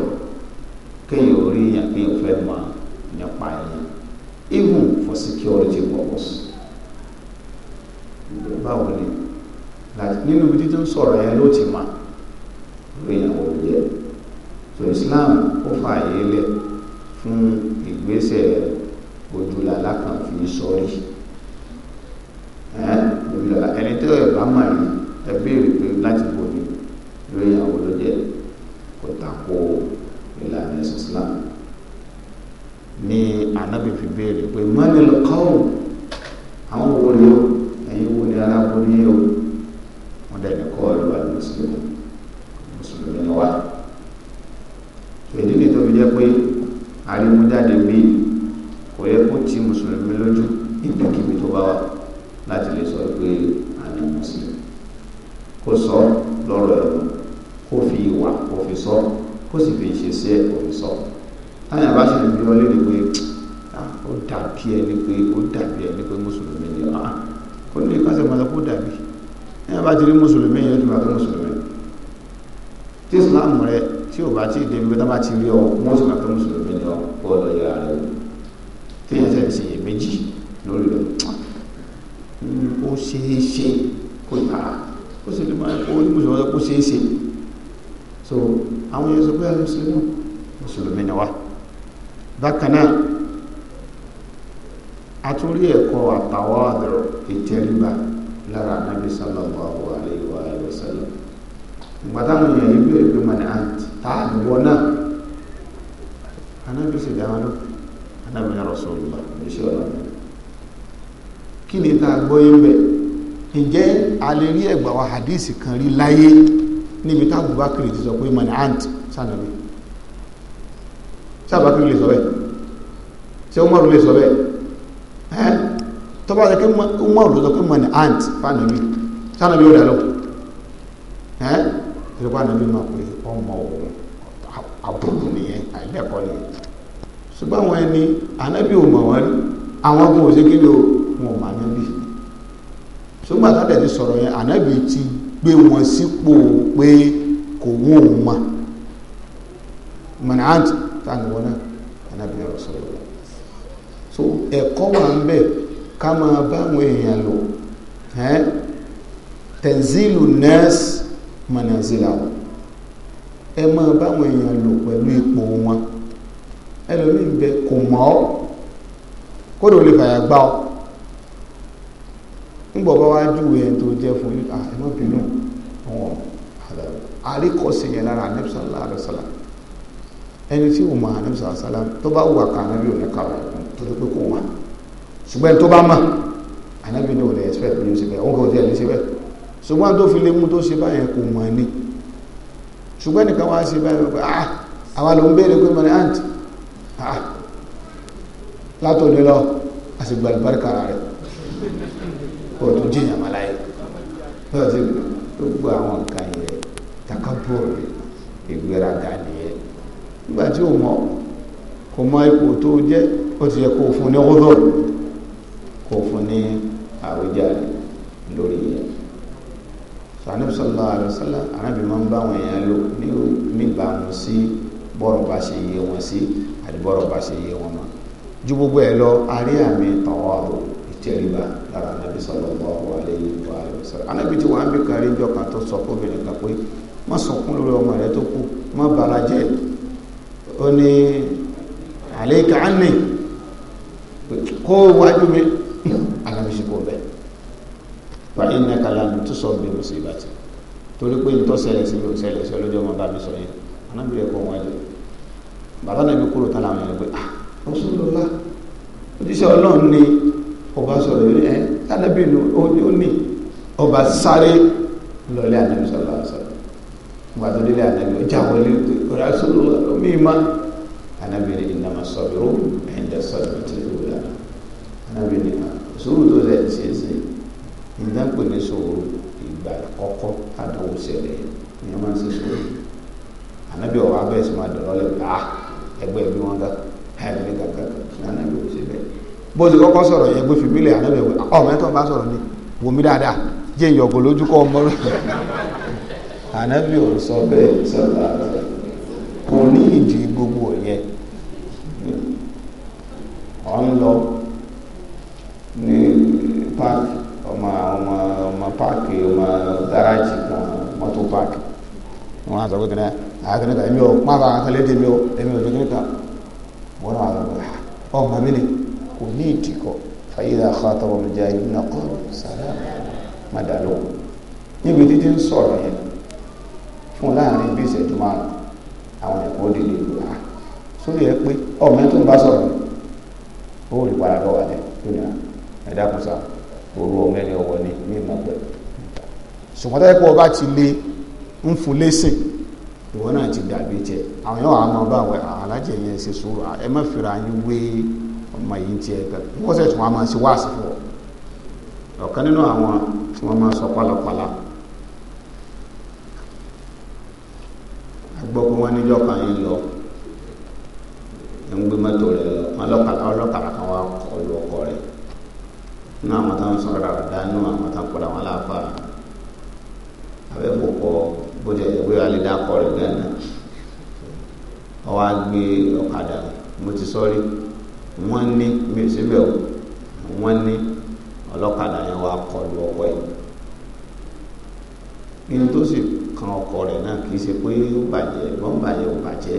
kéèyàn orí yàn kéèyàn fẹ́ mọ̀ nípa ẹ̀yàn even for security purpose báwo ni nínú ibi títí ń sọ̀rọ̀ yẹn ló ti máa ètò Islam ó fààyè lẹ̀ fún ìgbésẹ̀ ojúlàlákàn fi sọ́rí. ti rí ọ wọn sì máa pé mùsùlùmí ni ọ kó lọ yẹra rẹ o téèyàn sẹ́ni sì yẹn méjì so àwọn yẹn sọ pé ẹni sí inú mùsùlùmí ni wá bákan náà a sallallahu alaihi wa sallam ìgbà táwọn èèyàn yìí bẹ̀rẹ̀ pé mọ̀ ní gbèsè lé àwọn náà anábì ní Rasulullah gbèsè ọlọ́run kí ni tá a gbọ́ yé bẹ̀ ǹjẹ́ a lè rí ẹgbà wa hadisi kan rí láyé níbi tá Abubakar ti sọ pé mọ̀nà ant sànàbí sábàkiri lè sọ bẹ́ẹ̀ ṣé Umaru lè sọ bẹ́ẹ̀ ẹ́ tọ́ba ṣe pé Umaru ló sọ pé mọ̀nà ant fànàbí sànàbí ó dà lọ ẹ́ ìrọ̀pá nàbí máa pè ọmọ òun àbúrò nìyẹn àìlẹ́kọ̀ọ́ nìyẹn ṣùgbọ́n àwọn ẹni ànábì ò mọ̀ wọ́n rí àwọn ọmọ òṣèké ló wọn ò mà nábì ṣùgbọ́n àtàdẹ̀ ti sọ̀rọ̀ yẹn ànábì ti gbé wọn sípò pé kò wọ́n ò mọ̀ mọ̀nàáǹtì táwọn ìwọ náà ànábì ọ̀rọ̀ sọ̀rọ̀ lọ. so ẹ̀kọ́ wà ń bẹ̀ ká máa bá àwọn èèyàn lò tẹ̀sílù nẹ́ẹ̀sì mọ̀nàzìlà ẹ máa bá àwọn èèyàn lò pẹ̀lú ipò wọn ẹlòmíì ń bẹ kò mọ̀ ọ́ kódò lè fàyà gbá ọ ńgbọ̀ bá wá júwe ẹni tó jẹ́ fún yìí à ah, ẹ̀mọ́ bínú àwọn àríkọ̀sí yẹn lára anẹ́bísàlá àdọ́sàlá ẹni tí ò mọ̀ anẹ́bísàlá tó bá wà ká anábì òní kàwé tó tó pé kò wà ṣùgbọ́n tó bá mọ̀ anábì ní òní ẹ̀sìpẹ̀ ní oṣù bẹ́ẹ̀ òun kò tiẹ̀ lè bẹ́ẹ̀ ṣùgbọ́n tó fi lè mú tó ṣe báyẹn kò mọ̀ ni ṣùgbọ́n nìkan wá ṣe báyẹn pé ah àwa ló ń béèrè pé mọ̀ ni àǹtí Ah. látòdì lọ a sì gba àlùbáríkà rẹ kó o tún jìyàn màláyé tó o ti gbogbo àwọn nǹkan yẹn takabúrò ìgbéraga nìyẹn nígbà tí o mọ kò mọ ipò tó jẹ ó ti yẹ kó o fún ní ọgọdọ kó o fún ní àwíjàre lórí yẹn sànib sallallahu alayhi máa ń bá àwọn èèyàn lò níbàámu sí bọ́ọ̀rọ̀ bá ṣe yé wọn sí àdìbọ̀rọ̀ bá ṣe yé wọn mọ́ ju gbogbo ẹ̀ lọ arí àmì tọ̀wọ́ àbò ìtẹríba lára anábì sallallahu alaihi wa sallam anábì tí wọ́n á bí kárí ìjọ kan tó sọ fóbìnrin kan pé má sọkún lórí ọmọ rẹ tó kú má bàrà jẹ́ ó ní àlékà á nì kó wájú mi anábì sì kó bẹ́ẹ̀ wà ní nàkàlà tó sọ bí mo sì bàtì torí pé nítòsẹ̀lẹ̀ sí mi ò ṣẹlẹ̀ sí ọlọ́jọ́ ọmọ bá mi sọ yẹn anábì rẹ̀ kọ́ wájú mi bàbá náà bí kúrò tán láwọn ẹgbẹ ah Rasulullah ojúṣe Ọlọ́run ni ọba sọ̀rọ̀ yìí ẹ tàbí ó ní ọba sáré lọlé ànábi sọlá sọlá ìgbà tó délé ànábi ọjà wọlé ọ̀rẹ́ Rasulullah lómi ma ànábi ni innama sabiru inda sadmati al-ula ànábi ni ah, sùúrù tó rẹ ti ṣe nígbà pé ní sòwòrò ìgbà àkọ́kọ́ àdánwò ṣẹlẹ̀ yẹn ni wọ́n máa ń ṣe sòwòrò máa dọ̀rọ̀ lẹ́gbẹ̀ẹ́ ah ẹgbẹ́ ẹbí wọn ká ẹgbẹ́ kàkà lánàá ló ṣe bẹ́ẹ̀ bó ti kọ́kọ́ sọ̀rọ̀ yẹn gbé fìbílẹ̀ ànábẹ̀ wò ọmọ ẹ̀tọ́ bá sọ̀rọ̀ ni wò mí dáadáa jẹ́ ìyọ̀gò lójú kọ́ ọmọ rẹ̀ ànábẹ̀ ò sọ bẹ́ẹ̀ sọ̀rọ̀ kò ní ìdí gbogbo yẹn ọ̀ ń lọ ní páàkì ọmọ ọmọ ọmọ páàkì ọmọ gáràjì kan mọ́tò páàkì wọn á sọ pé kìnnìyà àkàkẹ́nìkà èmi ò má bàa kan lédè mi ò èmi ò dẹ́kẹ́nìkà wọ́n náà àwọn ọ̀gbìn ọ̀ màmí ni kò ní ìdíkọ̀ fàyídà àkàtọ̀ wọn jẹ́ ìlú náà kọ́ sàlẹ̀ má dà lọ. níbi títí ń sọ̀rọ̀ yẹn fún láàrin bí ìṣẹ́jú márùn àwọn ẹ̀kọ́ dìde ìlú wa ah. sórí ẹ pé ọ̀ mẹ́tò ń bá sọ̀rọ̀ ó rí padà bọ̀ wà lẹ̀ lónìí ah, ẹ̀dá kùsà òru ọmọ ẹni ọwọ́ ni ní ìmọ̀ pẹ̀lú ṣùgbọ́n tẹ́lẹ̀ ọba ti le ń fún lẹ́sìn ìwọ náà ti dàbí tiẹ̀ àwọn yóò wà á mọ bá àwọn alájẹ yẹn ṣe sùúrù ẹ má fira yín wé ọmọ yìí tiẹ̀ gan wọ́n sẹ̀ tún wọn máa ṣe wáàsí fún ọ ọ̀kan nínú àwọn tí wọ́n máa sọ pálapàla gbọ́ pé wọ́n níjọ́ kan yín lọ ń gbé mọ́tò rẹ̀ lọ wọn ọlọ́kadà kan wá kọlu ọkọ rẹ̀ nínú àwọn táwọn sọ̀rọ̀ dáadáa nínú àwọn táwọn kọlu àwọn aláàfáà abẹ́kọ̀ọ́ bó jẹ ẹ̀jẹ̀ pé alẹ́ gbé ọ̀kadà mo ti sọ́rí wọ́n ní mi ọlọ́kadà yẹn ọkọ yìí inú tó sì kan ọkọ rẹ náà kì í ṣe pé ó bàjẹ́ wọ́n bàjẹ́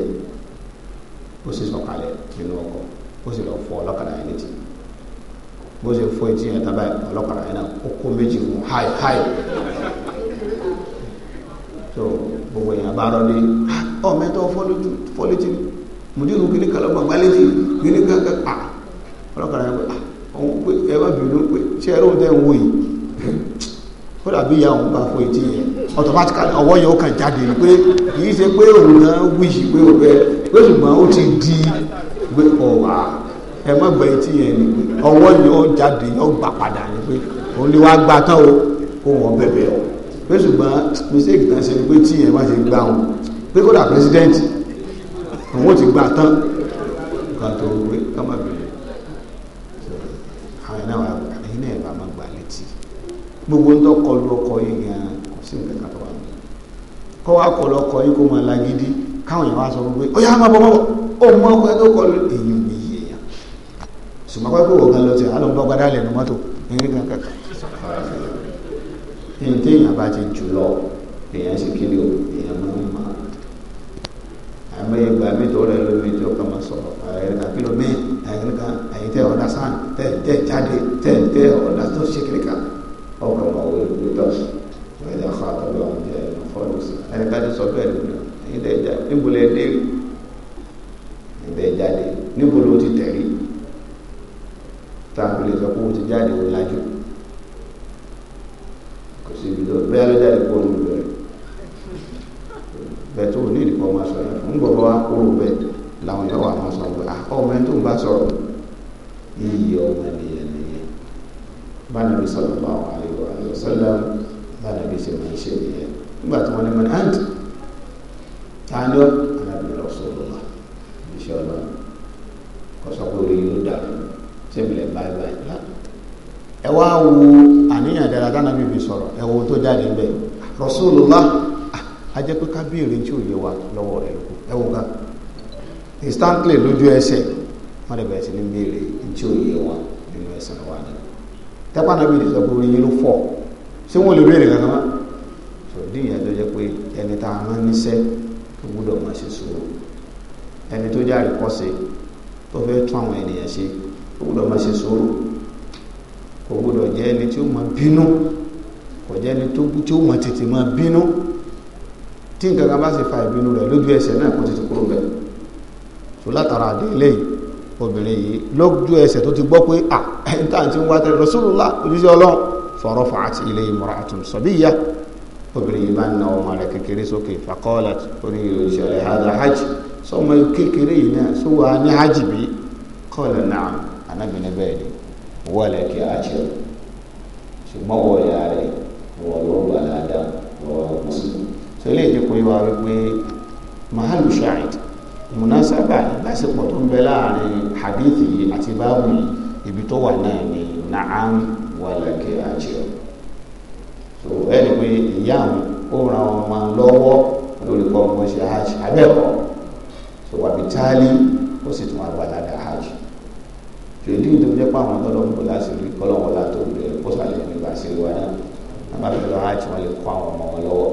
ò sì nínú ọkọ̀ ó sì lọ ọlọ́kadà yẹn létí bó ṣe fọ etí yẹn tábà parọ́ ní ọmọ ẹ̀tọ́ fọ́létí mùdírù kìíní kan lọ́gbọ̀n gbálétí kìíní kan kan pa ọlọ́kàrà yẹn pé àwọn pé ẹ má bìí ló pé ṣé ẹrú tẹ́ ń wò yìí ó dàbí ìyá òun bá fún etí yẹn automatically ọwọ́ yẹn ó kàn jáde pé kìí ṣe pé òun náà wíyì pé òun bẹ pé ṣùgbọ́n ó ti di pé ọ̀wà ẹ má gbẹ etí yẹn ni pé ọwọ́ yẹn ó jáde ó gbà padà ni pé òun lè wá gbà tán o kó wọn bẹ̀bẹ̀ o pé ṣùgbọ́n mistake náà ṣe ni pé tí ìyẹn bá ṣe gbà wọn pé kódà president òun ò ti gbà tán ká tó wé ká má bèrè àwọn náà ẹ̀yin náà bá má gbà létí gbogbo ń tọkọ lu ọkọ yìí gan kò sí nǹkan kan tó wà lọ kó wá kọ lọkọ yìí kó máa lagídí káwọn yẹn wá sọ wípé ó yá máa bọ mọ ó mọ ọkọ tó kọ lu èyí ò ní yé èèyàn ṣùgbọ́n pé kó wọ́n gan lọ sí àlọ́ ń bọ́ gbadá lẹ́nu mọ́tò ẹ̀yin gan kankan ní téèyàn bá ti jù lọ èèyàn sì kí ni o èèyàn máa ń mọ àmọ́ ìgbà mi tó rẹ lómi tí ó kàn máa sọ̀rọ̀ ààrẹ tàbí lómi àyìn kan àyìn tẹ ọ̀dà sàn tẹ tẹ jáde tẹ tẹ ọ̀dà tó ṣe kiri kan ọkọ̀ máa wọ ìlú tọ́sí wọ́n yẹ kó àtọ́lọ́ ọ̀hún jẹ́ ẹ̀rọ fọ́ọ̀lù sí i ẹni ká ti sọ bẹ́ẹ̀ lómi ẹ̀yìn tẹ jáde níbo dé ibẹ̀ jáde níbo ló ti tẹ̀rí táàbù lè sọ pé ó ti jáde ó lajú bẹ́ẹ̀ ló jáde kó ní bẹ̀rẹ̀ bẹ́ẹ̀ tó ní ìdíkọ́ máa sọ̀rọ̀ ń gbọ́dọ̀ wá kúrò bẹ́ẹ̀ làwọn yẹn wà máa sọ̀rọ̀ à ọmọ ẹni tó ń bá sọ̀rọ̀ iyì ọmọ ènìyàn nìyẹn bá nàbí sọ̀rọ̀ bá wà ayọ̀ ayọ̀ sọ́lá bá nàbí ṣe máa ń ṣe nìyẹn nígbà tí wọ́n ní mọ́ni àǹt tààlọ́ alábìrẹ̀ sọ̀rọ̀ ẹ̀wọ̀n tó jáde ń bẹ̀ Rasulullah ajẹ́ ah, pé ká béèrè tí ò yé wa lọ́wọ́ rẹ̀ lóko ẹ̀wọ̀n kan instantly lójú ẹsẹ̀ wọ́n dẹ̀ bẹ̀rẹ̀ sí ní béèrè tí ò yé wa nínú ẹsẹ̀ wa ni tẹ́pá náà bìí sọ pé orí yín ló fọ̀ ṣé wọ́n lè béèrè kankan mọ́ tó dín ìyẹn tó jẹ́ pé ẹni tá a rán níṣẹ́ tó gbúdọ̀ máa ṣe sùúrù ẹni tó járe kọ́sí tó fẹ́ tún àwọn ènìyàn ṣe tó gbúdọ̀ máa ṣe sùúrù kò gbúdọ̀ jẹ́ ẹni tí ó máa bínú ọ̀jẹ́ ni tó tí ó mọ̀ tètè mọ́ bínú tí nǹkan kan bá sì fa ìbínú rẹ̀ lójú ẹsẹ̀ náà kó tètè kúrò bẹ̀ so látara àdé eléyìí obìnrin yìí lójú ẹsẹ̀ tó ti gbọ́ pé à ẹni tá à ń ti ń wá tẹ́lẹ̀ Rasulullah ojúṣe ọlọ́run fọ̀rọ̀ fà àti ilé imra'atun sabiyya obìnrin yìí bá ń na ọmọ rẹ̀ kékeré sókè faqalat orí ìṣẹ̀lẹ̀ hada hajj sọmọ kékeré yìí náà sọ wà ní hajj bí qala na'am anábìnrin bẹ́ẹ̀ ni wọ́ọ̀lẹ̀ kí ṣùgbọ́n wọ́ọ̀lẹ̀ àárẹ̀ ọwọ́ lọ́wọ́ gbà dáadáa lọ́wọ́ lọ́wọ́ sí so ilé ìdíkùn yìí wá wípé mahalu shahid munasaba ìbáṣepọ̀ tó ń bẹ láàrin hadithi yìí àti báàbù yìí ibi tó wà náà ni naam wàlàkẹ́ àjẹ́ so ẹni pé ìyá mi ó ran ọmọ lọ́wọ́ lórí kọ́ ọmọ ṣe hajj abẹ́kọ̀ọ́ so wàbí táálí ó sì tún àgbàlagbà hajj tòlí tó jẹ́ pé àwọn tọ́lọ́ ń láti rí kọ́lọ́wọ́lá tó rẹ̀ kó sàlẹ̀ nígbà sí wa náà bá fẹ́ lọ hajj wọn lè kó àwọn ọmọ wọn lọ́wọ́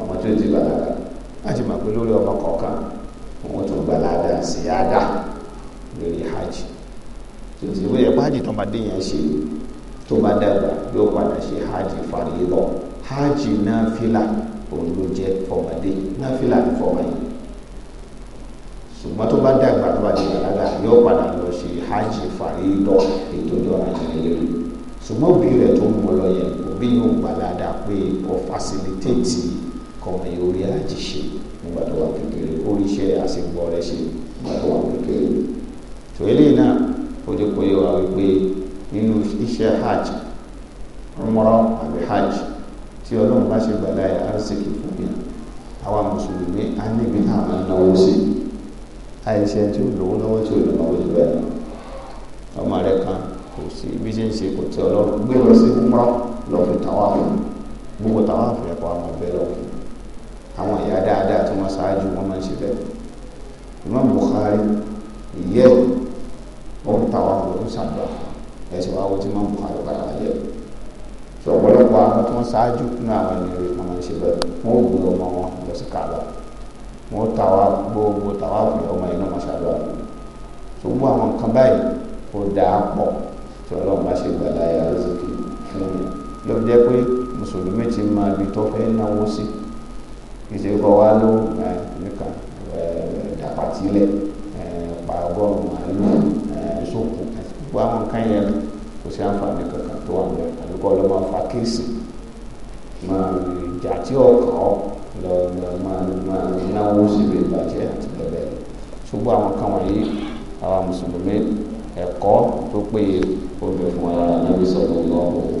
ọmọ tó ti bàlágà láti mọ̀ pé lórí ọmọ kọ̀ọ̀kan wọn tó bàlágà sí àdá lórí hajj tó ti wọ́n yẹ pé hajj tó bá dé yẹn ṣe tó bá dàgbà yóò padà ṣe hajj fàrílọ hajj náfìlà òun ló jẹ fọmọdé náfìlà ní fọmọdé ṣùgbọ́n tó bá dàgbà tó bá di bàlágà yóò padà lọ ṣe hajj fàrílọ ètò ìjọba ìjìnlẹ̀ lórí ṣùgbọ́n òbí rẹ̀ tó ń mú lọ yẹn kó bí yóò gbà dáadáa pé ọ fásilitéètì kọmọ yìí orí àjì ṣe nígbà tó wà kékeré orí iṣẹ́ àṣegbọ́ rẹ ṣe nígbà tó wà kékeré tó eléyìí náà ó jẹ́ kó yẹ wá wípé nínú iṣẹ́ hajj umra àbí hajj tí ọlọ́run bá ṣe gbàdá ẹ̀ arísìkì fún mi àwa mùsùlùmí á níbi náà máa náwó sí àìṣe tí ó lówó lọ́wọ́ tí ó lè náwó síbẹ̀ náà ọmọ rẹ kan kò sí bí ṣe ń ṣe kò tí ọlọ́run gbé lọ sí umra lọ́ọ̀fì tàwáfù gbogbo tàwáfù yẹ kó àwọn ọ̀bẹ lọ́wọ́ àwọn ìyá dáadáa tí wọ́n ṣáájú wọn máa ń ṣe bẹ́ẹ̀ Imam Bukhari ìyẹ́ ọ̀hún tàwáfù ọ̀hún sàdúrà ẹ̀sìn wa wo tí Imam Bukhari padà wáyé sọ ọ̀pọ̀lọpọ̀ àwọn tí wọ́n ṣáájú nínú àwọn ènìyàn rẹ̀ máa ń ṣe bẹ́ẹ̀ wọ́n ò gbé ọmọ wọn lọ sí kàlá wọ́n tàwa gbogbo tàwáfù ọmọ iná wọn ṣàdúrà tó gbọ́ àwọn nǹkan báyìí ó dáa pọ̀ ló jẹ́ pé mùsùlùmí ti ma bi tó fẹ́ náwó sí ìṣe kọ́ wá ló nìkan dàpàtílẹ̀ pa ọgọ́rùn-ún àlù sókun gbogbo àwọn nǹkan yẹn kò sí àǹfààní kankan tó wà lẹ àdúgbò ọlọ́mọ fa kéèsì máa jà tí ọkàn ọ lọ máa náwó síbi ìbàjẹ́ àti bẹ́ẹ̀ bẹ́ẹ̀ ṣùgbọ́n àwọn kan wọ̀nyí àwọn mùsùlùmí ẹ̀kọ́ tó péye ó bẹ fún ara nàbí sọ̀rọ̀ lọ́wọ́.